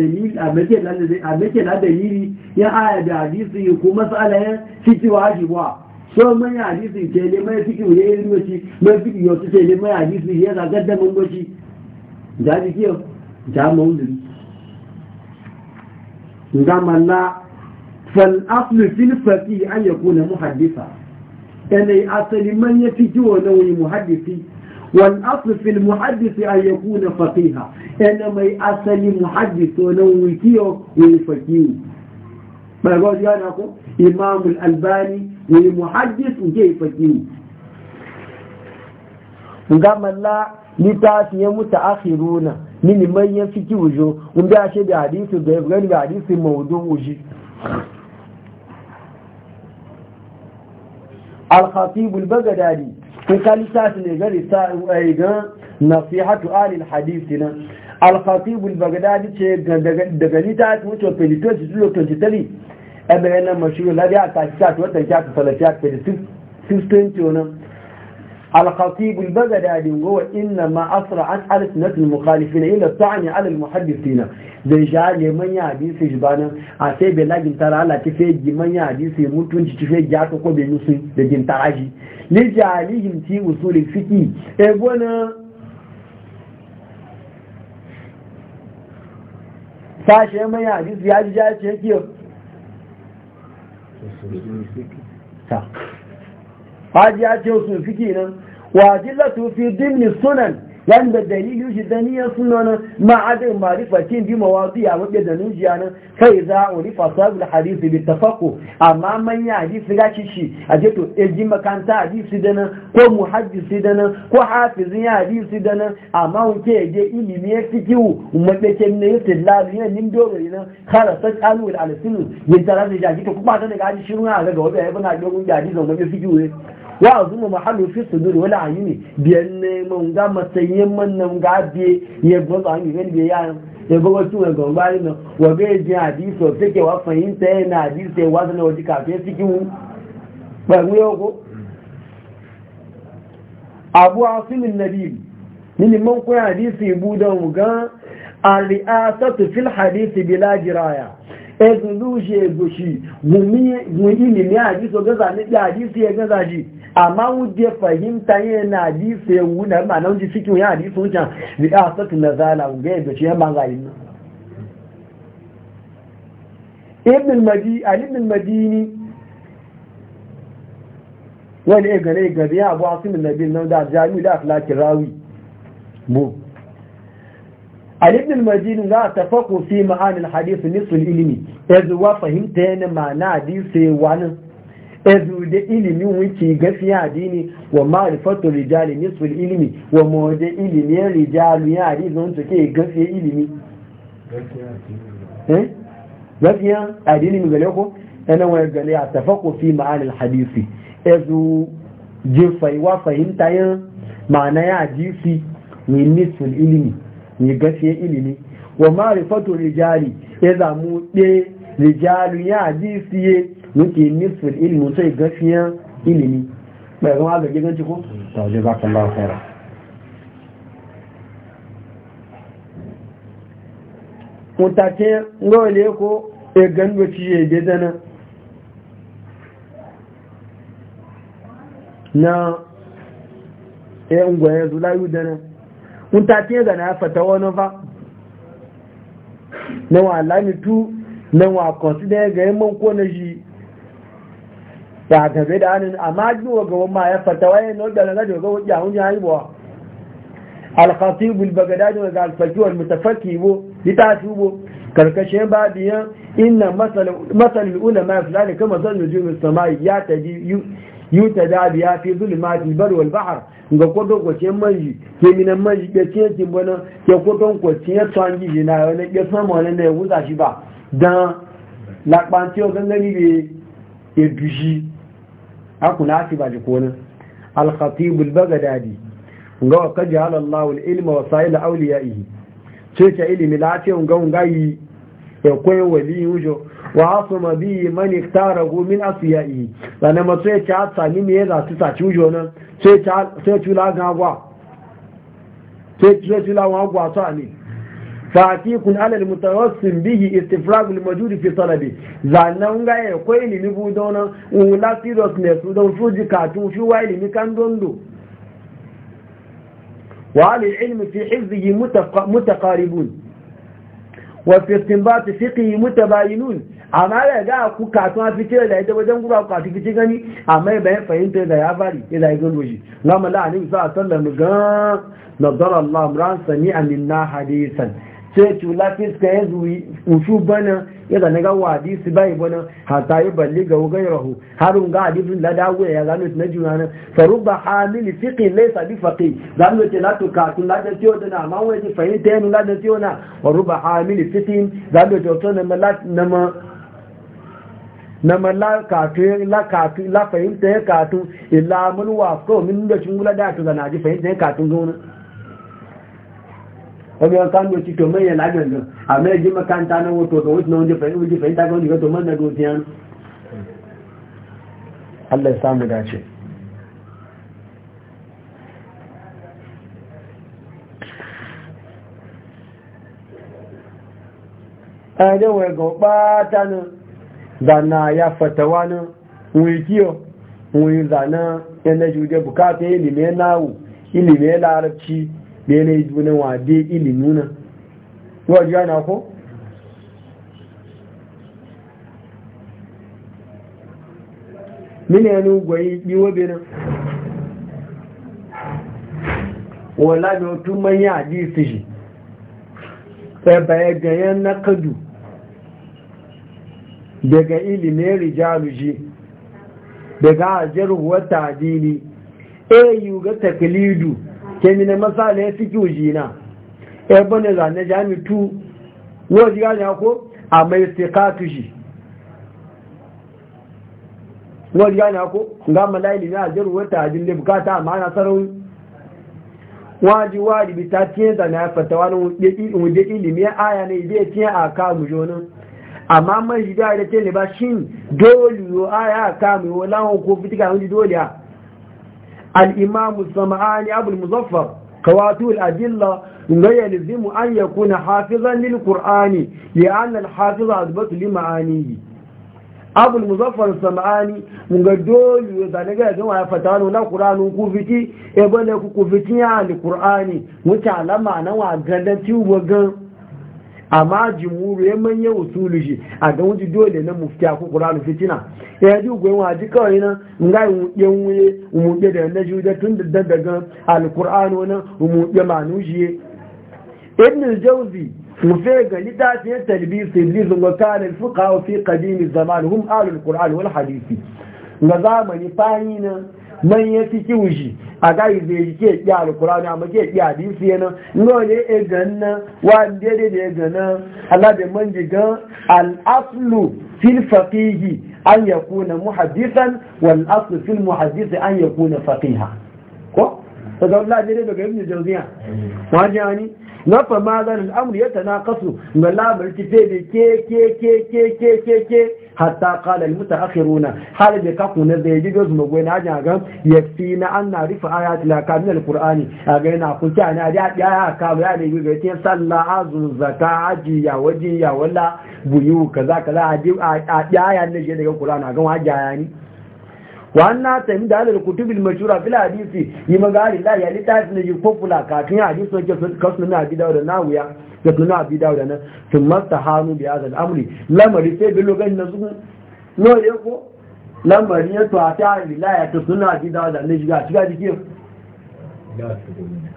A: dalili ya aya da hadisi ko matsala ya ciki wajibuwa so mai hadisi ke ne mai ciki wuje ya riwaci mai ciki yau su ke ne mai hadisi ya zagar da mambaci jaji kiyo ja mauziri gama la فالأصل في الفتي أن يكون محدثا يعني أصل من يتجوى نوي محدثي والأصل في المحدث أن يكون فقيها إنما أصل محدث ونوي كيو ويفكيو ما يقول يا ناكو إمام الألباني ويمحدث وكي فكيو قام الله لتاتي متأخرون mini manyan fiki wujo in biya shi da hadisi da gani da hadisi maudu wuji al-khatib al-baghdadi ko kalisa ne gari sa ai eh, ga nasihatu ahli al-hadith nan al-khatib al-baghdadi ce daga daga ni ta mutu pelito zuwa 23 ebe yana mashuru lafiya ta ta wata ta salafiya 16 nan الخطيب البغدادي هو إنما أسرعت ألسنة المخالفين إلى الطعن على المحدثين zai sha neman ya hadisi shi bana a sai bai la tara, ala ta fe giman ya hadisi mutunci ta fe gyata ko bai musu da gintara shi ni jalihim ti usulin fiki e gona sashe
B: mai hadisi
A: ya ji jace yake ta ya ce usulin fiki nan wajilatu fi dimni sunan yanda dalilin shi daniyar sunanan ma'adin marifacin bi mawazi a maɓe da nujiya sai kai za a wani fasabu da hadisi bi ta fako amma manya hadisi ga shi shi a je to eji makanta hadisi da ko muhajjisi da nan ko hafizin ya hadisi da amma mun ke je ilimi ya fi kiwu maɓe ke ne ya fi lalu ya nin doro ina kara ta kanu da alasinu yin tara da jagi to kuma ta daga hadisi shirin a daga wata ya bana ɗogun jagi zama ya fi kiwu ne. wa azuma mahallu fi suduri wala ayini biyan ne mun ga matsayin man nan ga biye ya ba ni ne biye ya ya gwaza tun ga ni ne wa ga jin hadiso take wa fahimta yana hadiso ya wazo na waje kafin cikin ba mu yau ko abu asimin nabi ni mun ko hadisi mu ga al-ri'asatu fil hadisi bila jiraya egun lu je goshi gumi gumi ni ni hadisi ga za ni hadisi ya ga za ji amma wuje fahimta yana hadisi ya wuna ma na wuje fikin ya hadisi wuce bi a sati na zala ga yadda ce ya banza yin ibn madi ali madini wani ya gane gari ya abu asimin nabi nan da jami'u da aflaki rawi mu ali ibn madini za a fako fi ma'anin hadisi nisul ilimi ya zuwa fahimta yana ma na hadisi wani ezu da ilimin wuce gafiya dini wa ma'rifatu rijali nisful ilimi wa mawada ilimin rijalu ya rizon su ke gafiya ilimi gafiya adini eh? mu gale ko ana wani gale a tafaku fi ma'anar hadisi ezu jefai wa fahimta yin ma'ana ya hadisi ni nisful ilimi ni gafiya ilimi wa ma'rifatu rijali ya zamu ɗe rijalu ya hadisi nuke nisfil ilmi sai gafiya ilimi bai zama ga gidan ciko
B: ta waje ba kan ba kaira
A: mutace ngole ko e gando ci ye bedana na e ngwaye zula yudana mutace ga na fata wani fa na wa lamitu na wa consider ga yi ko na shi ta gabe da hannun amma duwa ga wamma ya fata waye na wadda na gaji ga wadda hun ya haibuwa alkhatibul bagadadi wa alfaki wal mutafakki bo su bo karkashin ina matsalin masalul ma fi zalika kama zan nujum samai ya yi ta da biya fi zuli zulmati bar wal bahar ga kodon kwace manji ke minan manji ke cin yankin bana ke kodon kwace ya tsangi na wani ke sama wani ne wuza shi ba don lakpanti o gangani be eduji aku na ba ji konin alkhatibul bagadadi ga wa kaji halallahu ilma wa sa'ila auliyaihi ce ce ilimi lafiya ga ngayi ya koyi wali yujo wa asuma bi man ya min asiyai sanan ma sai ta sami me za su saci ujo nan sai ta sai fatikun alal mutawassim bihi istifragul majuri fi talabi zannan ga ya ko ilimi bu dona ula seriousness don fuji katu fi wa ilimi kan dondo wa al ilm fi hizbihi mutaqaribun wa fi istinbat fiqhi mutabayinun amma ya ga ku katu a fice da ita wajen guba ku katu fice gani amma bayan fahimta da ya bari ya da igon roji lamma la alim sa sallam ga nadara allah ran sami'a minna hadisan sai cula fiska ya zuwi ushu bana ya zane ga wadi su bai bana hata yi balli ga wugan rahu harun ga hadisun ladawu dawo ya gano na juna na faruba hamil fiqi laysa bi faqi zan ce na to ka tun ladan tiyo da na ma wani fahimta yana ladan tiyo na faruba hamil fiqi zan ce to na ma na ma na ma la katu la katu la fahimta ya illa mun wa ko min da shungula da to zan ji fahimta ya katu gona wani yan kano ci to manyan lagangin a mai ji makanta na wato ga wuce na wani fahimta fahimta ga wani wato man na dosiyan allah samu dace a yi wai ga bata nan zana ya fatawa nan wai kiyo wai zana yana jude bukata ilimin nawu ilimin larabci da yanayi junan wade ilimin nan wajen na ko? mini yanin gwayi biyo benin wala da otu manya hadisi shi sai e baya e ganyen na kadu daga ilimin rijalu shi daga ajiyar wata dini e yi ga taklidu kemi na masala ya fi kyuji na ebe ne zane jami tu yau ji gani ako a mai stekatu shi yau ji gani ako ga malayi na ajiyaru wata ajin da bukata amma ana sarauni waji wari bi ta tiye zane ya fata wani wude ilimi aya ne ibe tiye a kamu jonin amma mai shi da ya ce ne ba shi dole yo aya a kamu yo lawon ko fitika wani dole ya الإمام الزمعاني أبو المظفر قواتو الأدلة يلزم أن يكون حافظا للقرآن لأن الحافظ أثبت لمعانيه abu muzaffar sam'ani ga dole da zane ga gama ya fata na qur'anin ku fiti e bane ku ku fiti ya alqur'ani mutala ma wa gan amma jimuru ya manya usulu shi a ga wani dole na mufti a kukura da fitina ya ji gwen ji kawai na nga yi wuye umuɗe da na shi da tun da daga alkur'an wani umuɗe manu shi ibn jauzi mufe ga littafin talbisi lizun ga kanin fuka fi qadimi zaman hum alul qur'an wal hadisi ga zamani fahimina man ya fi shi a gari zai yi ke ƙi alkurani amma ke ƙi hadisi yana no ne e ganna wa dede ne e gana Allah da man jiga al-aslu fil faqihi an yakuna muhaddisan wal aslu fil muhaddisi an yakuna faqiha ko to da Allah dede daga ibn jawziya wajani na fa ma zan al yatanaqasu ga labar tife ke ke ke ke ke ke ke hatta qala al mutaakhiruna hal bi ka kuna zai ji gozu magwe na ja ga yafi na an na rifa ayati la ka al qur'ani A ga na ku ta na ja ya ka ya ne ga tin salla azu zaka aji ya waji ya wala buyu kaza kaza aji a ya ne je daga qur'ani ga wa ja ni wannan ta yi da kutub al mashura fila hadisi yi magari la ya littafi ne, yi ka tin hadisi ke kasu na hadida da nawuya da tuna abi dawo da nan Tun masta hannu da yazan amri lamari sai bi gani na zuku no ya eh, ko lamari ya to a ta wilaya ta suna abi dawo da nan shiga shiga jike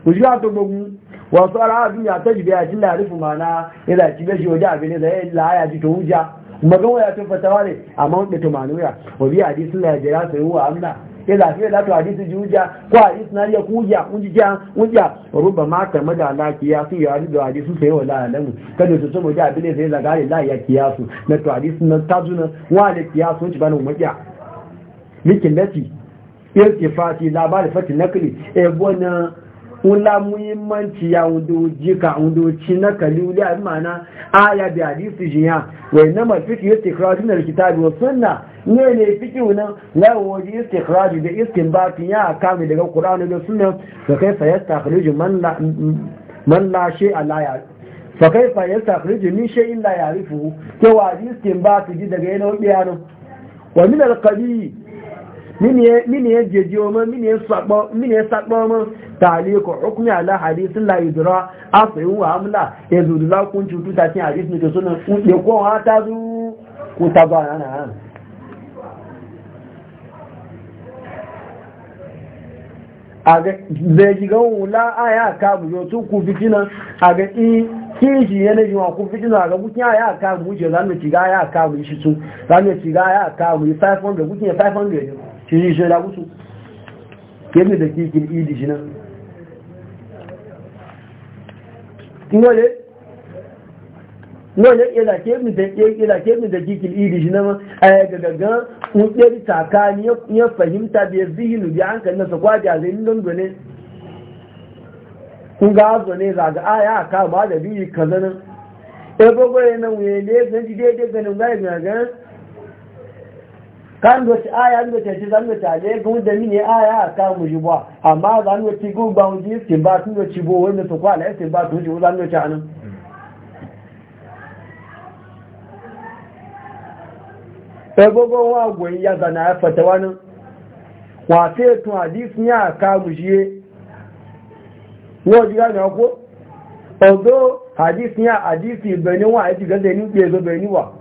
A: ku shiga to gogun wasu arabi ya ta jibiya shi larifu mana yana shiga shi waje abin da ya ya ji ta hujja magana ya ta fatawa ne amma wanda tumanu ya wabi hadisin da ya jira sai huwa amna ya zafi da to hadisi juja ko hadisi na ya kuja kuja kuja ruba ma ta mada la kiyasu ya hadisi hadisi sai wala alamu kada su tumo ja bile sai zaga la ya kiyasu na to hadisi na tajuna wala kiyasu ci bana umaja mikin lati irtifati labari fati nakli e bona wula muhimmanci ya wudu jika wudu ci na kali a mana aya bi hadisi jiya wai na ma fiki istikrari na kitabi wa sunna ne ne fiki na la waje istikrari da fi ya kame daga qur'ani da sunna fa kaifa yastakhriju man la a la shay ala ya fa kaifa yastakhriju min shay'in la ya'rifu iskin ba fi ji daga yana biyano wa min al-qadi min ya min ya ma min ya sakpa min ma تعليق حكم على حديث لا يدرى أصل وعملة يزود لا كنت تتاتي حديث نتسنة يقوم هاتذو وتبعنا عنه zai shiga wula a ya kamu yau ku fitina a ga in kishi yana ji wa ku fitina a ga kukin aya ka kamu je za mu aya ka kamu shi tu za mu aya ka kamu 500 kukin 500 shi ji je da kusu kemi da kikin idi shi nan nole nole ilake mi da ilake mi da kikil iri shi nama a ya ga gaga mutsari tsakani ya fahimta bai zihinu bi an kan nasa kwaji a zai don gane kun ga azo ne a ka ba da biyu kazanin ɗaya e gwagware nan wuye zan ji daidai ganin gaya kan do aya ndo ce ci zan ta je gun da mini aya ka mu ji amma zan do gun ba mu ji ci ba tun do bo wanda to kwa la ci eh, ba tun ji zan do ci wa gwen ya zana ya fata wani wa sai tun hadis ya ka mu ji wo ji ga na ko odo hadis wa ga ni ke zo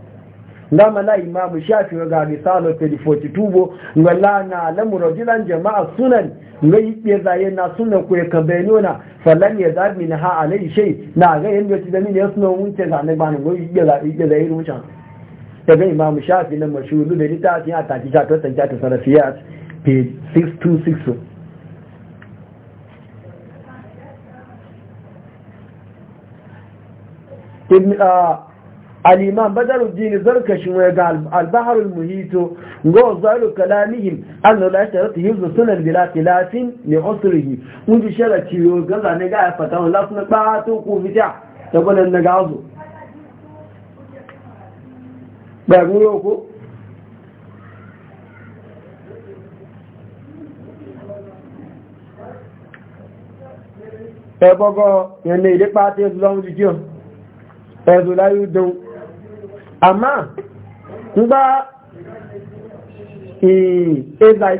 A: ngama la imamu shafi ga risalo 42 nga la na alamu rajulan jama'a sunan ngai ya zaye na sunan kwe kabenyona falani ya zabi min ha alayi shay na ga yan da min ya sunan mun zane ba ne ngai ya zabi ya zaye mun ga imamu shafi da litafi a taki ta to ta sarafiyat page 6260 al’iman badarun jini shi wa ga albaharul muhito ga zuwa kalamihim an lura ta rata yin su sunan bila filafin ne osirihi mun ji shara ciro gaza ne ga aifata wa lasu na ɓato ko fita ta gwanan na gazo bago ji don amma ba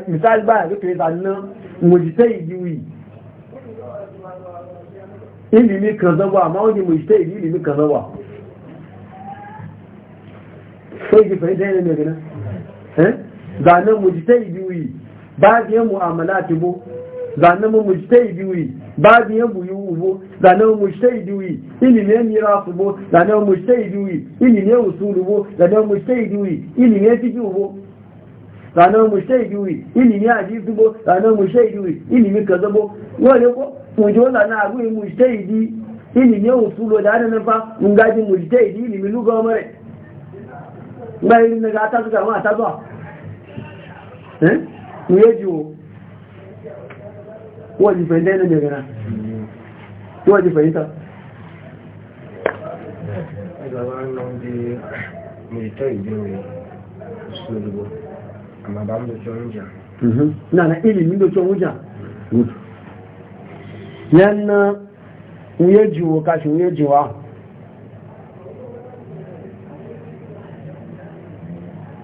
A: misali ba ya rufe zannan mujita igiwi ilimi kan amma wani mujita igi ilimi kan zagwa sai fahimta yana mai gina zannan mujita igiwi ba biyan mu'amala ta bu zanen mu mujtahidi wi babi ya buyi wubo zanen mu mujtahidi wi ilimi yan mirasu bo zanen mu mujtahidi wi ilimi yan usulu bo zanen mu mujtahidi wi ilimi yan fiqh bo zanen mu mujtahidi wi ilimi yan hadisi bo zanen mu wale ga kuwa jifahimta yana mai gana kuwa jifahimta na na ilimin da na jiwo kashin wuye jiwa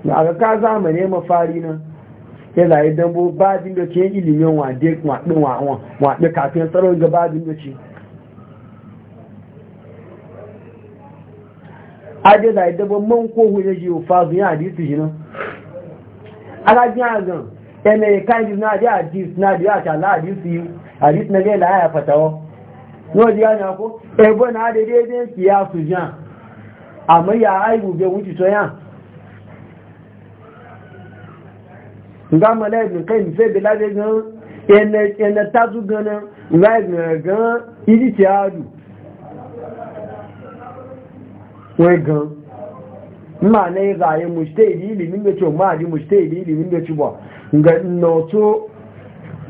A: na aka ka zamane mafari na yana yi dambo ba jin da ke ilimin wade waɗin wa'awan waɗe kafin tsaron ga ba da aje da yi dambo man ko hujjar jiwo fazu hadisi shi nan alajin agan yana yi na adi hadisi na adi ya hadisi na ga ya fatawa yau da yana ko ebo na da daidai kiyasu jan amma ya haihu bai wuce to nga mala ibn qayyim sai bila da gan ene ta tazu gana nga ibn gan idi ti adu wai gan ma ne ga yi mujtahidi ilimin da ce ma ji mujtahidi ilimin da ce ba nga noto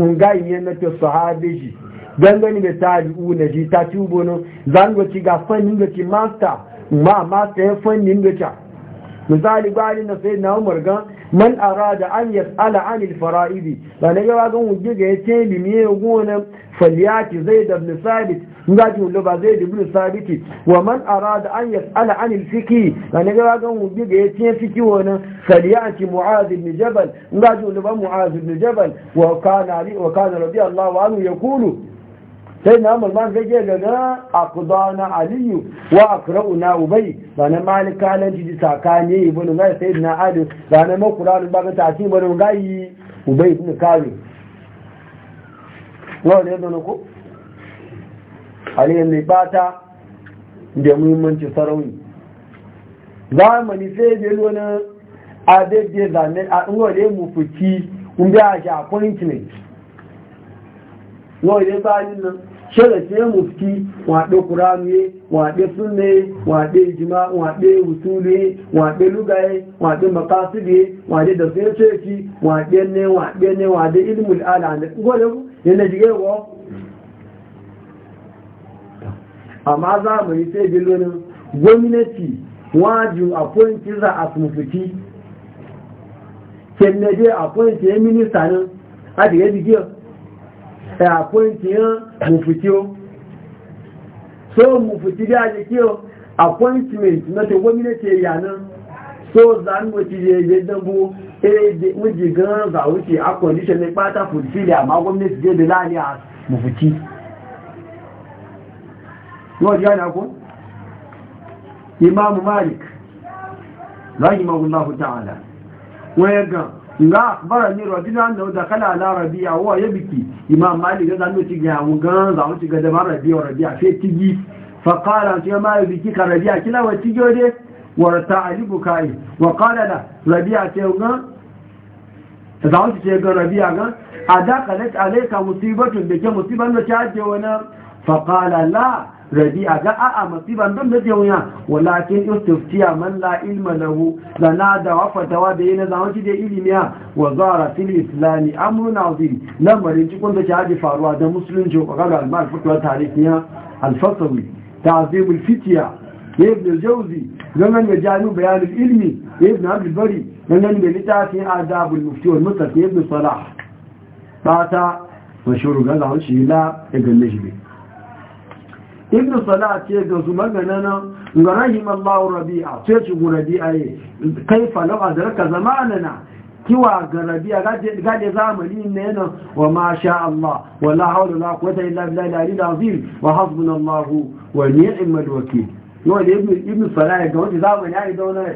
A: nga yin na to sahabeji ta da tabi'u na ji ta tubo no zango ci ga fannin da ci master ma e fan fannin da ta misali bani na sai na umar gan man arada an yas'ala an al-fara'id ba ne ga gan wuje ga yace ni me gona falyati zaid ibn sabit nga ji lo ba zaid ibn sabit wa man arada an yas'ala an al-fiqh ba ne ga gan wuje ga yace fiki wona falyati mu'az ibn jabal nga ji lo ba mu'az ibn jabal wa kana ali wa kana radiyallahu anhu sai na mulman zage gaga a na aliyu wa a na ubai ba na malika na jiji tsakani ibn gai sai na adu ba na makuranu ba ga tafi ba na gai ubai ibn kari wani ne zana ku aliyu mai bata da muhimmanci sarauni zamani sai da yi wani adadiyar zane a inwale mu fuki kun biya shi appointment wọ́n ilé báyìí náà ṣẹlẹ̀ tí ó mú kí wọ́n àpé kùránúyé wọ́n àpé súnlé wọ́n àpé ìjìmá wọ́n àpé wùsúlé wọ́n àpé lúgáyé wọ́n àpé makásílé wọ́n àpé dọ̀fẹ́ wọ́n àpé ní wọ́n àpé ya kwanci yan mufitiyo so mufiti da ake kiyo appointment na ta gwamnati ya nan so za mu ci je je dambu eh de muji gan za wuce a condition ne bata fulfill amma gwamnati je da lani a mufiti no ji ana ko imam malik rahimahullahu ta'ala waya gan nga bara ni rajula da kala la rabi'a wa yabki imam mali da zan ci ga mu gan za mu ci ga da rabi'a rabi'a sai tigi fa qala ya ma yabki ka rabi'a kila wa tigi ode wa ta'alibu kai e. wa qala la rabi'a ce ga za mu ci ga rabi'a ga adakalat alayka musibatu da ke musiban da ta je wani fa qala la rabi'a ga a'a masiban don da jawuya walakin istiftiya man la ilma lahu lana da wafatawa da yana zama shi da ilimiya wa zara fil islami amrun azim lamarin cikin da shahaji faruwa da musulunci ko tarihi al-mal fitwa tarihiya al-fasawi ta'zib al-fitya ibn al-jawzi zaman ya jani bayan al-ilmi ibn abd al-bari zaman da litafi adab al-mufti wal mutafi ibn salah fata mashhur ga zama shi la ibn najmi ibn salah ce ga su magana nan ga rahimallahu rabi'a ce ci gu rabi'a ye kaifa law adraka zamanana kiwa ga rabi'a gade zamani ne yana wa ma sha Allah wa la hawla la quwwata illa billahi al-ali azim wa hasbunallahu wa ni'mal wakeel yau da ibn salah ga wani zamani ya yi zaune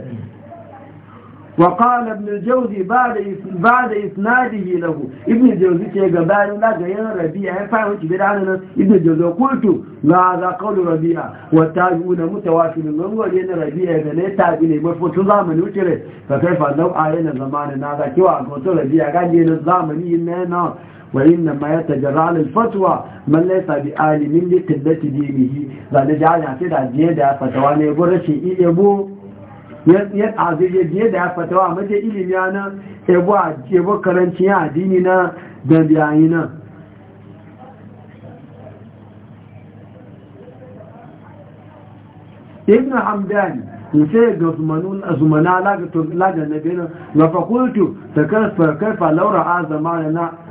A: وقال ابن الجوزي بعد بعد اسناده له ابن الجوزي كغبان لا غير ربيعه فاهم كبدان ابن الجوزي قلت هذا قول ربيعه والتابعون متواصل من وين ربيعه بن تابعين مفوت زمان وتر فكيف لو اين زمان هذا كوا قلت ربيعه قال لي الزمان هنا وانما يتجرى على الفتوى من ليس بعالم من لقدة دينه فنجعل عسير عزيزة فتواني برشي إيه أبوه ya azirje da ya fatawa mace ilimi na ebo karancin addini na da biyayi na ibn hamdani sai ga zumana laga na benin ga fakultu ta karfa laura a na.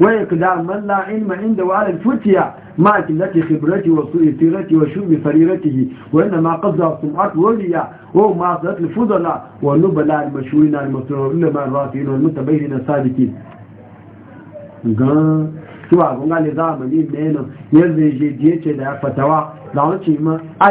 A: ويقدام من لا علم عنده وعلى الفتية ما قلة خبرته وسوء سيرته وشوب سريرته وإنما قصد الصمعات وليا وهو معصية الفضلاء والنبلاء المشهورين المسرورين الرافعين والمتبين الصادقين cewa gunga ne za a mani ne yanzu ya je ce da ya fatawa da wani ce ma a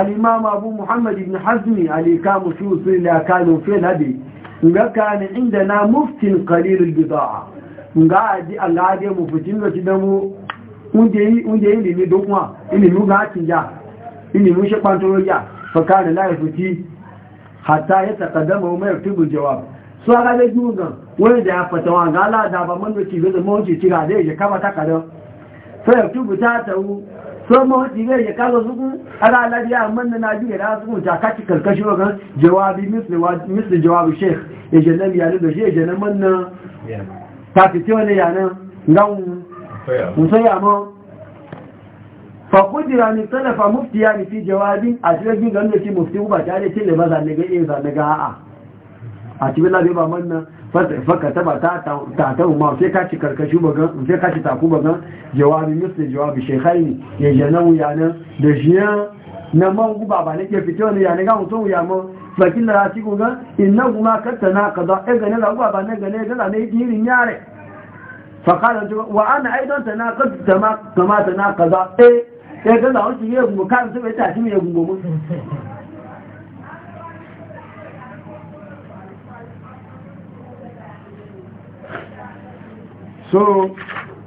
A: الإمام أبو محمد بن حزم علي كام شوص لا كانوا في الهدي كان عندنا مفتن قليل البضاعة ngadi alade mu fitin da kidamu unje unje ilimi dokwa ilimi ga tinja ilimi shi kwantoro ya fakara la yafuti Hata ya taqaddama wa yaktubu jawab so ga da jugan wani da ya fata wa ga la da ba mun da ci ga mu ci da ya kama ta kada fa ta tawu so ma wuce ne ya kaza suku ana alariya amma na na biya na suku ta kaci karkashi wakan jawabi misli jawabi sheikh e ya janar yare da shi ya janar manna ta fi tewa ne yanar gawun musaya ma fakudira ni talafa muftiya ni fi jawabin a cikin gigan da ke mufti ba tare ce da ba zanne ga iya e zanne ga a'a a cikin labe ba manna faka taba ta ta umar sai ci karkashi bagan sai ci taku bagan jawabi misli jawabi shekhaini ya wuya nan da jiya na man guba ba nake fito ne yanan ga mutum ya mu fakin da ci guga inna kuma katana kaza e gane da guba ba ne ne da ne dirin yare fakala wa ana aidan tanaqad kama kama tanaqaza e e ga da wuce ya mu kan sai ta ci ya gungo mu so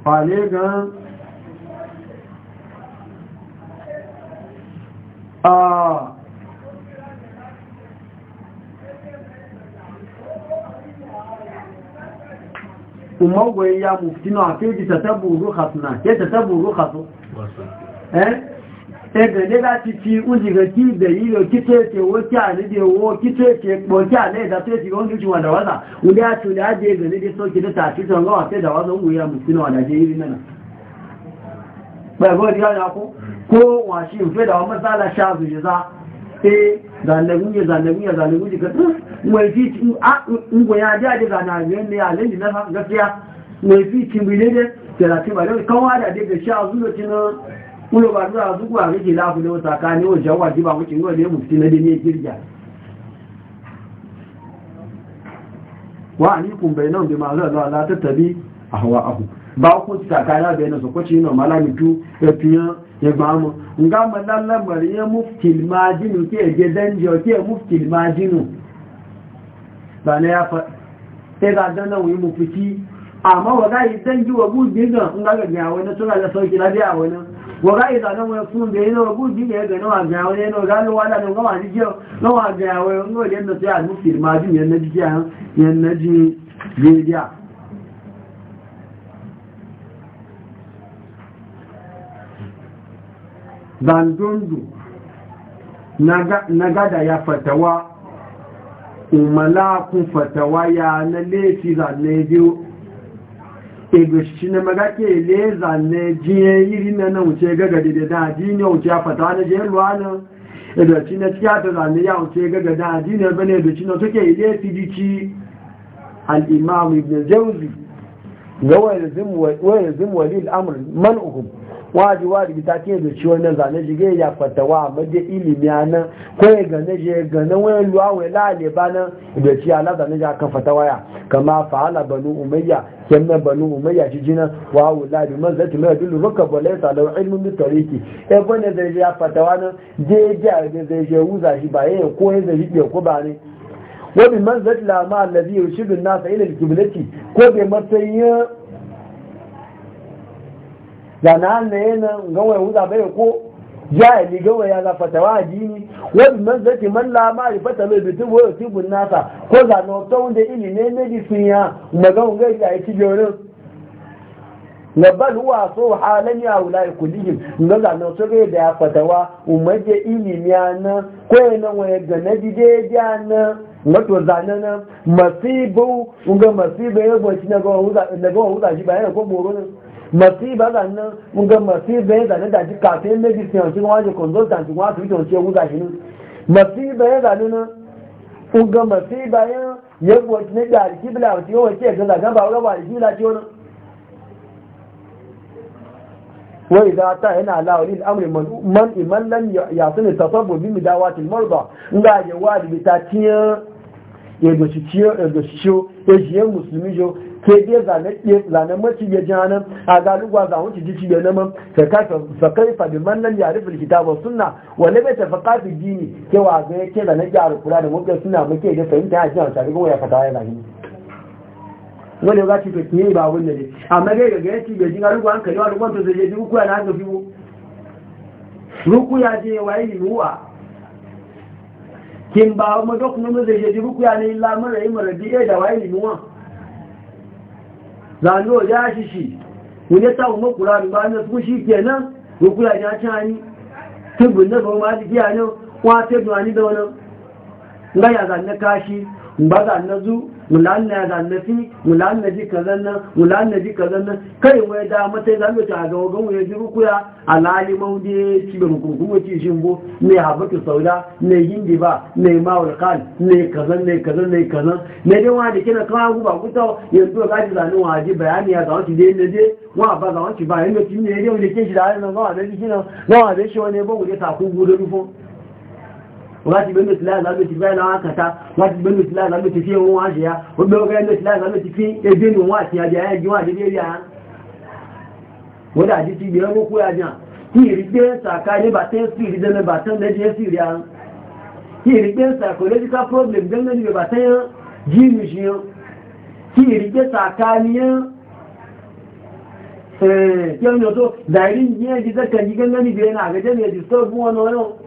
A: fale gan a umar ya mufti na fi ji ta tabu rukhas na ke ta tabu rukhasu eh ẹgbẹ̀n nígbà ti fi oúnjẹ kí ìbẹ̀ yíyọ kí tó ètè owó kí àlédè owó kí tó ètè pọ̀ kí àlẹ́ ìdá tó ètè oúnjẹ wọn dàwọ́sà ilé àti olè àjẹ ẹgbẹ̀n níbi tó tààtì tó àti ìdàwọ́sà ń wòye àmùsí náà àdàjẹ yìí mẹ́nà pẹ̀lú ìdí ọ̀yà kú kó wọ́n ṣe ìfẹ́ ìdàwọ́ mọ́sálà ka ne a lalli na gaskiya wai fi da kulo ba zuwa zuwa rike lafi da wata kane wa jawa ji ba kucin gwa da ya mufti na da ne kirga wa alikun bai nan bi ma zuwa la ta tabi a hawa ahu ba ku ta kana bai nan so ko cin no ya fiya ya ba mu nga malalla mari ya mufti majinu ke je danjo ke mufti majinu ba ne ya fa sai ga dan nan wi mufti amma wa ga yi danji wa gudin ga nga ga ya wani tuna da sauki lafiya wani wọ̀gá ìtànà wọn fún bẹ̀rẹ̀ náà gún jí ẹgbẹ̀ náà àgbẹ̀ àwọn ẹni ọ̀gá ló wá lánàá wọ́n àti jẹ́ lọ́wọ́ àgbẹ̀ máa jù yẹn yẹn gada ya fatawa umalakun fatawa ya na lefi zanne egoshi ne magake leza ne jiye iri na nan wuce gagade da da jini wuce fata na je luwana edochi na cikin ta zane ya wuce gagade a jini ya bane edochi na suke ile fidici al'imam ibn jauzi ga wayar zim walil amur man ukum waji waji ta ke da ciwon nan zane shige ya kwata wa maje ilimi anan ko ya gane je gane wani luwa wai lale ba nan da ci ala zane ja kan fata waya kama fa'ala banu umayya kemna banu umayya shi jina wa wula bi man zati mai dulu ruka bala sa da ilmin bi tariki e bane zai ya fata wa nan je ja da zai je wuza shi ba yayin e ko yanzu ya ke ko ba ne Wani bi man zati la ma allazi yushidu an-nasa ila al-qiblati ko bi matsayin zana na yana gawai wuza bai ko jahili gawai ya zafata wa dini wani man zaki man lama ya fata mai bitin wayo tibun nasa ko zana wata wanda ilimin medicine ya magawun gai da yi ci jorin labar huwa so halin a wula ya kulihim na zanen su gai da ya fatawa umarje ilimi ya nan kwaye nan waya ga na jide ya nan wato zanen nan masibu ga masibu ya gwaci na gawa wuza shi bayan ko moro nan masiba zannan mun ga masiba ya zane da ji kafin medicine wancin wajen consultant wa su wancin ya guza shi ne masiba ya zane na mun ga masiba ya ya wuce na da alkibla wancin ya wancin ya gaza ba wani ba alkibla ce wani wai za ta yana lawali al'amri man iman lam ya sani tasabbu bi midawatil marda nga ya wadi ta ciye ya doshi ciye ya doshi ciyo ya jiye musulmi jo ke dai zane mace ya ji hannun a galuwa za wuce ji ciye na man fakai fadi man nan yare filkita ba suna wani bai tafi kafin dini ke wa zai ke zane zanen a kula da mafi suna muke da fahimta a cikin shari'a kuma ya fata ya zahiri wani ga ci fiye ba wani ne amma dai ga gaci ga jin galuwa an wa rukun to zai ji rukuya na haka fiwo rukuya je waye yiwuwa kin ba mu dok mu zai ji rukuya ne illa mara yi mara biye da waye yiwuwa zanu ya shi shi wani ya samu makura da ba na su shi ke nan rukula ya ci hannu tubin na ba ma jiki hannu kuma tubin hannu da wani ga ya zanna kashi ba zanna zu mulan na da nafi mulan na ji kazan nan mulan na ji kazan nan kai wai da mata da mu ta ga wagan wai ji rukuya alali maudi ci ban kurkumu ci shimbo ne habatu sauda ne yindi ba ne mawul qal ne kazan ne kazan ne kazan ne dai wa da kina kawo guba kuta yanzu ga ji zanin wa ji bayani ya ga wani dai ne dai wa ba ga ba yanzu kin ne dai wani kin shi da nan ga wani kin nan ga wani shi wani ba ku ta ku gudu rufo wati bendo sila ti fe la akata wati bendo sila ti fi won wa ya o be o ti fi eje nu wa ti aje e wa de de ya wo da ji ti gbe o ku gbe saka ba te si ri de ba te le de si ri an ti ri gbe psychological problem ba te ji mi ji yan ti gbe saka ni yan eh ti o no to kan ji gan ni na ga de disturb wani no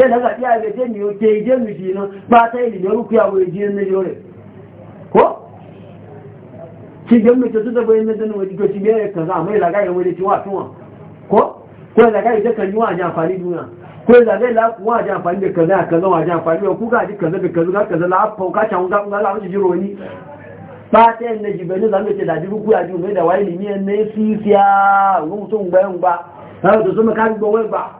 A: ke da zaɓi a gaje ne yau ke yi je mu shi nan ba ta yi da ya wuri jiyan na yore ko shi je da ke su da bayan na zanen wajen goshi ka za mai lagayi wajen ci wasu wa ko ko ya lagayi ta kan yi wajen amfani duniya ko ya zagayi la wajen amfani da kaza ya kaza wajen amfani da kuka ji kaza da kaza ga kaza la fauka can ga ga la wajen jiro ni ba ta yi na jibeni za mu ce da jiru ku ji mai da wayi limiyan ne sisiya wani mutum bayan ba za su zo mu kan gowai ba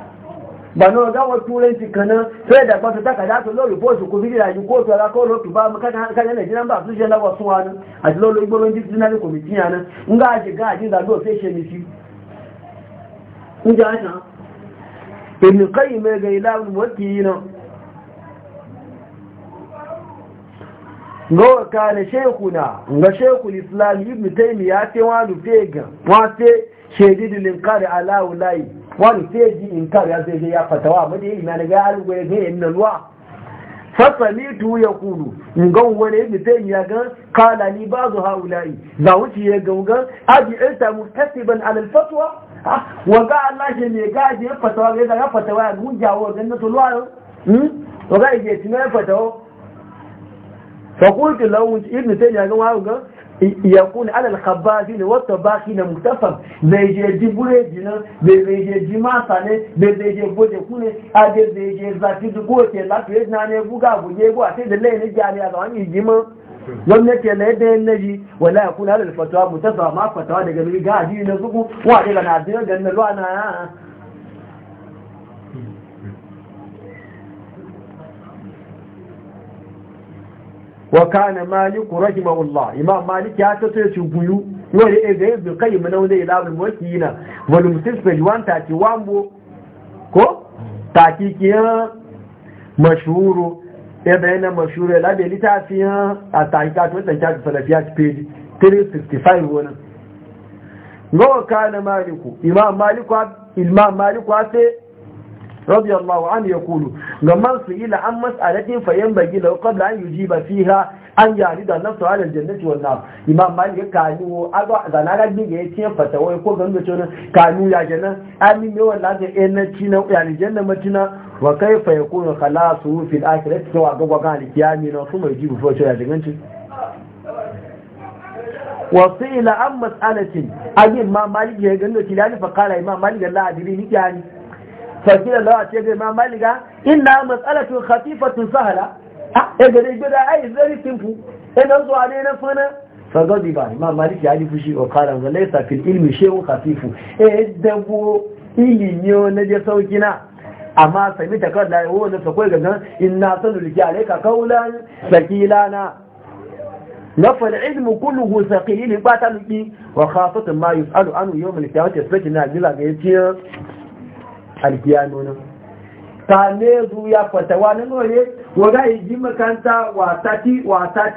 A: bano ga wa turanci kana sai da kwata ta kaza to lori bosu ku ko tuba mu kan kan ne jiran ba su je na wasu wani a ji lori gboro ndi na ni komiti nga ji ga ji da do sai she ni fi nja ta ibn qayyim ga ila muwakkilina gowa kane shekuna na shekul islam ibn taymiya ce wa ala ulai wani sai ji in kar ya sai ya fatawa mu da ilimi na ga algo ya ga inna ruwa tu ya kudu in ga wani ibn sai ya ga kala ni ba bazu haulai za wuce ya ga ga abi isa muhtasiban ala alfatwa wa ga Allah shi ne ga ji fatawa ga ga fatawa ya gujawo ga na tulwa hmm to ga ji ne fatawa fa qultu lahu ibn sai ya ga wa ga yakun alal khabazin wa tabakhina muktafam zai je ji bureji nan zai je ji masa ne zai je boje kune a je zai je zafi dugo ke lafiya na ne buga buge go sai da lai ne jani a zaman yijima gwamnati na yadda yin naji wala yakun alal fatawa mutafa ma fatawa daga ga addini na zuku wa daga na addini ga na ruwa na wa kana maliku rahimahullah imam malik ya ta sai ci guyu wani ega yin bin kai mana wani ilabul wakina wani mutum sai wan wambo ko Taki ki kiya mashhuru e bayana mashhuru la be litafiya a ta ki ka to ta ki salafiya ci page 365 wannan wa kana maliku imam maliku imam maliku sai radiyallahu an wa'ana ya kudu, ngamama sun yi la'amma sa daɗin fahimba gida, ko da hanyar jiba fiha, an gyara zan naftira da zan daki wannan. Ibrahim malik ya kanyu haluwa zan hana gajiyan fatawai ko ganin da kyau na ya gana. Aminu yawan latsa yanar guda na jana matuna, wa kai fa kuna kala sun fi ɗaki, laita suna waƙoƙwa kuma kuma yana da kyau a minan su mai ji ko ta yana da kyau. Wasu ila amma sa na a gin ma Malik yayan ganin da kyau ya nufa kare a Ibrahim da la'a ni kyani. fakila lawa ce ga imam maliga inna mas'alatu khatifatu sahla ah e eh, ga dai gida ai very simple ina eh, zuwa ne na fana fagadi ba imam maliki ya ji fushi wa qala wa laysa fil ilmi shay'un khafifu e dabo ilimi na je sauki na amma sami ta kan lai wanda ta koyi gagan inna sanulki alayka qawlan sakilana نفى العلم كله ثقيل باتلقي وخاصة ما يسأل عنه يوم القيامة يسبتنا جلا جيتيا alkiyano nan ta ne ya fata na nore waga yi makanta wata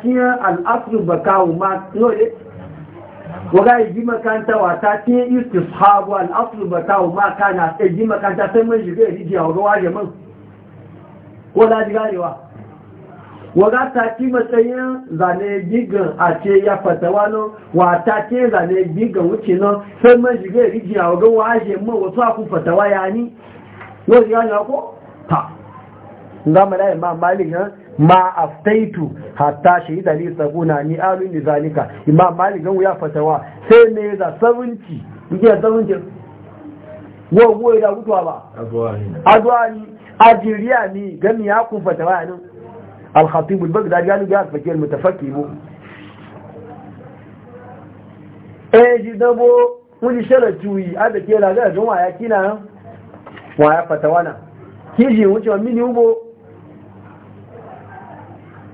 A: ciyar al'asru bakawu ma nore waga yi makanta wata ciyar istishabu al'asru bakawu ma kana ji makanta sai man shiga rijiya waga waje man ko laji ganewa waga take matsayin zane gigan a ce ya fata wani wa take zane gigan wuce nan sai man shiga ya rijiya a wajen washe wasu aku fata ya ni wani ya na ko ta nga imam malik nan ma aftaitu hatta shahida li sakuna ni alu ni zalika imam malik gan ya fatawa sai ne 70 70 wo wo da
B: ba
A: ajiriya ni gami ya kun fatawa nan الخطيب البغدادي قال جاء فكير المتفكي بو ايجي دبو ولي شرطوي هذا كي لا غير جماعة يكينا ويا فتوانا كيجي وجه مني وبو ubo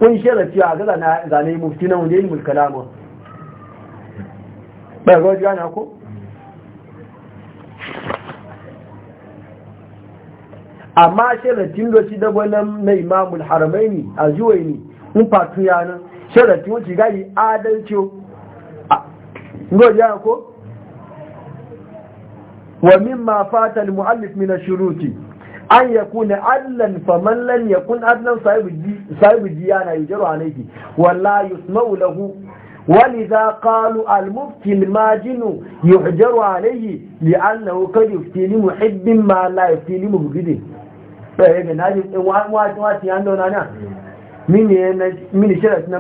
A: kun shera cewa gaza na zane mufti na wunde ilmul kalama ɓargo ji gana amma sharatin da shi dabo nan na imamul haramaini a ne in fatu yana sharatin wuce gari adalci gojiya ko wa mimma fata muhallif muallif min an shuruti an yakuna allan faman lam yakun adlan sahibu diyana yujaru alayhi walla yusma'u lahu ولذا قالوا المفتي الماجن يحجر عليه لأنه قد يفتي لمحب ما لا يفتي لمبغض ɗaya hmm. ga naji ɗin wata ya nuna na mini sharafi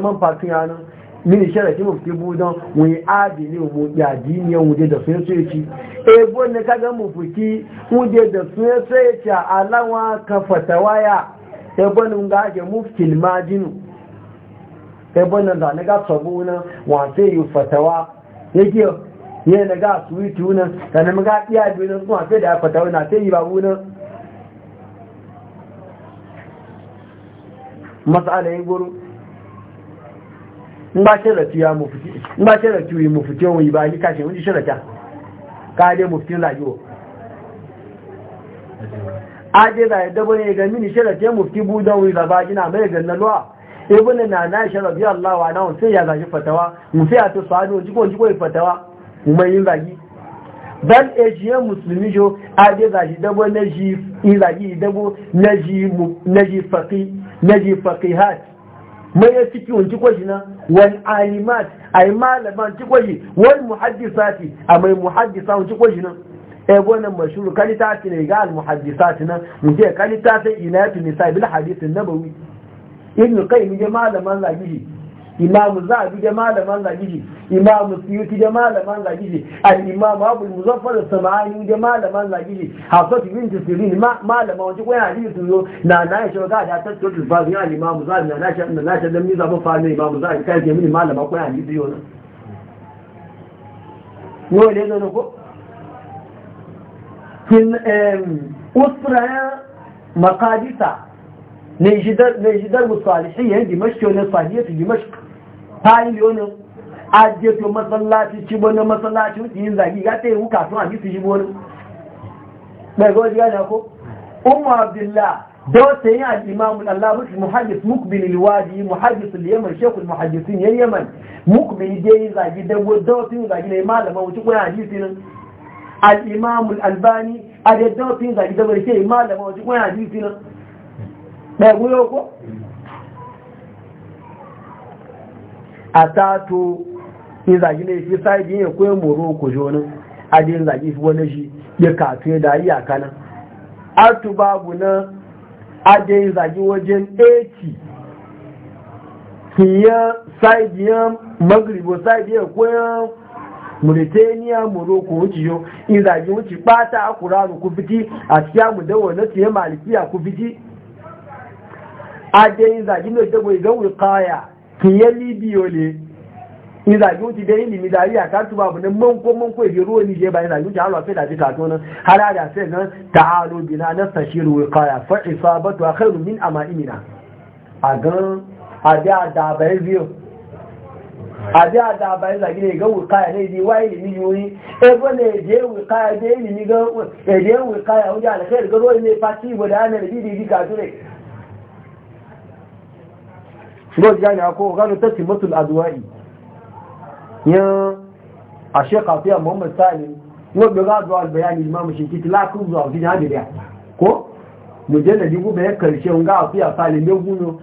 A: mini sharafi mafi budon wani adini mu yaji ne wuje da sun so yaci ebo ne kaga mu fuki wuje da sun so yaci a alawa ka fatawaya ebo ne ga ake muftil majinu ebo ne da na ga sabu na wace yi fatawa na da ya fatawa na sai matsala ya goro in ba sharafi ya mafuti in ba sharafi ya mafuti yawon yi ba ni kashe wani ta. ka dai mafutin lajiwo a dai da yadda bane ga mini sharafi ya mafuti budan wuri da ba ina mai ganna luwa ibn na na sharafi Allah wa na sai ya zaji fatawa mu sai ya to sa'adu jiko jiko fatawa mu mai yin zaki dan ejiye musulmi jo a dai zaji dabo na ji in zaki dabo na ji na ji faqi na ji faqihat mai ya ciki wanci kwashi na wal alimat ay malaman ci kwashi wal muhaddisati a mai muhaddisa wanci kwashi na e wannan mashuru kalita ne ga al muhaddisati na mun ce kalita sai inayatu nisa bil hadith nabawi ibn qayyim ya malaman zagihi imamu zabi da malaman lagiji imamu suyuti da malaman lagiji al-imamu abu muzaffar samani da malaman lagiji hafsatu binti sirin malama wajen kwaya hadisi su zo na na ya shauka da ta tsotu ba zuwa imamu zabi na nashi na nashi dan mi zabi fa ne imamu zabi kai ke mini malama kwaya hadisi yau nan ne zo ko kin em usra maqadisa ne jidar ne jidar musalihiyya dimashq ne salihiyya dimashq ajiye ajeto masallaci ci wani masallaci wuce yin zagi ga ta yi wuka sun hadisi shi wani bai gawa jiya da ko umar abdullah da wata yin al'imamun allah mutu muhaddis mukbin ilwadi muhaddis al shekul muhaddisin yan yaman mukbin da yin zagi da wata yin zagi na malama wuce kuna hadisi nan al'imamun albani a da wata yin zagi da wata yin malama wuce kuna hadisi nan bai guyo ko a tato in zagi ne fi sai biye ko ya moro ko jonin adin zagi fi wani shi ya kato ya da iya kana artu babu na adin zagi wajen 80 fiye sai biye magribo sai biye ko ya mauritania morocco wuce yau, in zagi wuce bata a kuranu ku fiti a cikin mu da na tuye malikiya ku fiti in zagi ne dago ga wulqaya kìyẹ́ níbi olè ìdàgbé ó ti dé ìlì ìdàrí àkátùbà bù ní mọ́nkó mọ́nkó ìdíró ní ìjẹba ìdàgbé ó ti àrùn àfẹ́ ìdàgbé kàtó náà aláàdà fẹ́ náà tààrù bìnà anásàṣírò ìkọyà fẹ́ ìfàbọ́tò akẹ́rù ní àmà ìmìnà àgán àdé àdàbà ẹ̀ríọ̀ àdé àdàbà ìzàgí ní ìdí wáyé ní yorí ẹgbẹ́ ní èdè wùkáyà dé ìlì gan èdè wùkáyà ó jẹ́ àlẹ́kẹ́ ìgbẹ́rọ́ ilé pàtí ìwọ̀dá shigo gane ko gano tattimatul adwa'i ya a shekha fiya muhammad salim wadda za zuwa bayani imam shinkiti lakin zuwa wajen hadiriya ko mujalladi gube ya karshe nga fiya salim ya guno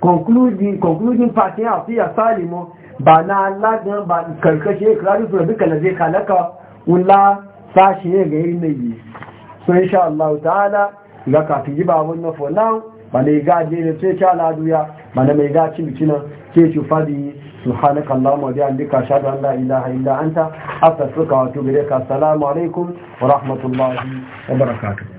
A: concluding part ya fiya salimo ba na lagan ba karkashe kira, su duka na zai kalaka wula sashi ne ga yi mai so insha Allah ta'ala ga kafin ji ba wannan for now ba ne gaje ne sai ta laduya mana mai gaci biki ke ci fadi subhanaka allahumma wa bihamdika ashhadu an la ilaha illa anta suka wa atubu ilayka assalamu alaikum wa rahmatullahi wa barakatuh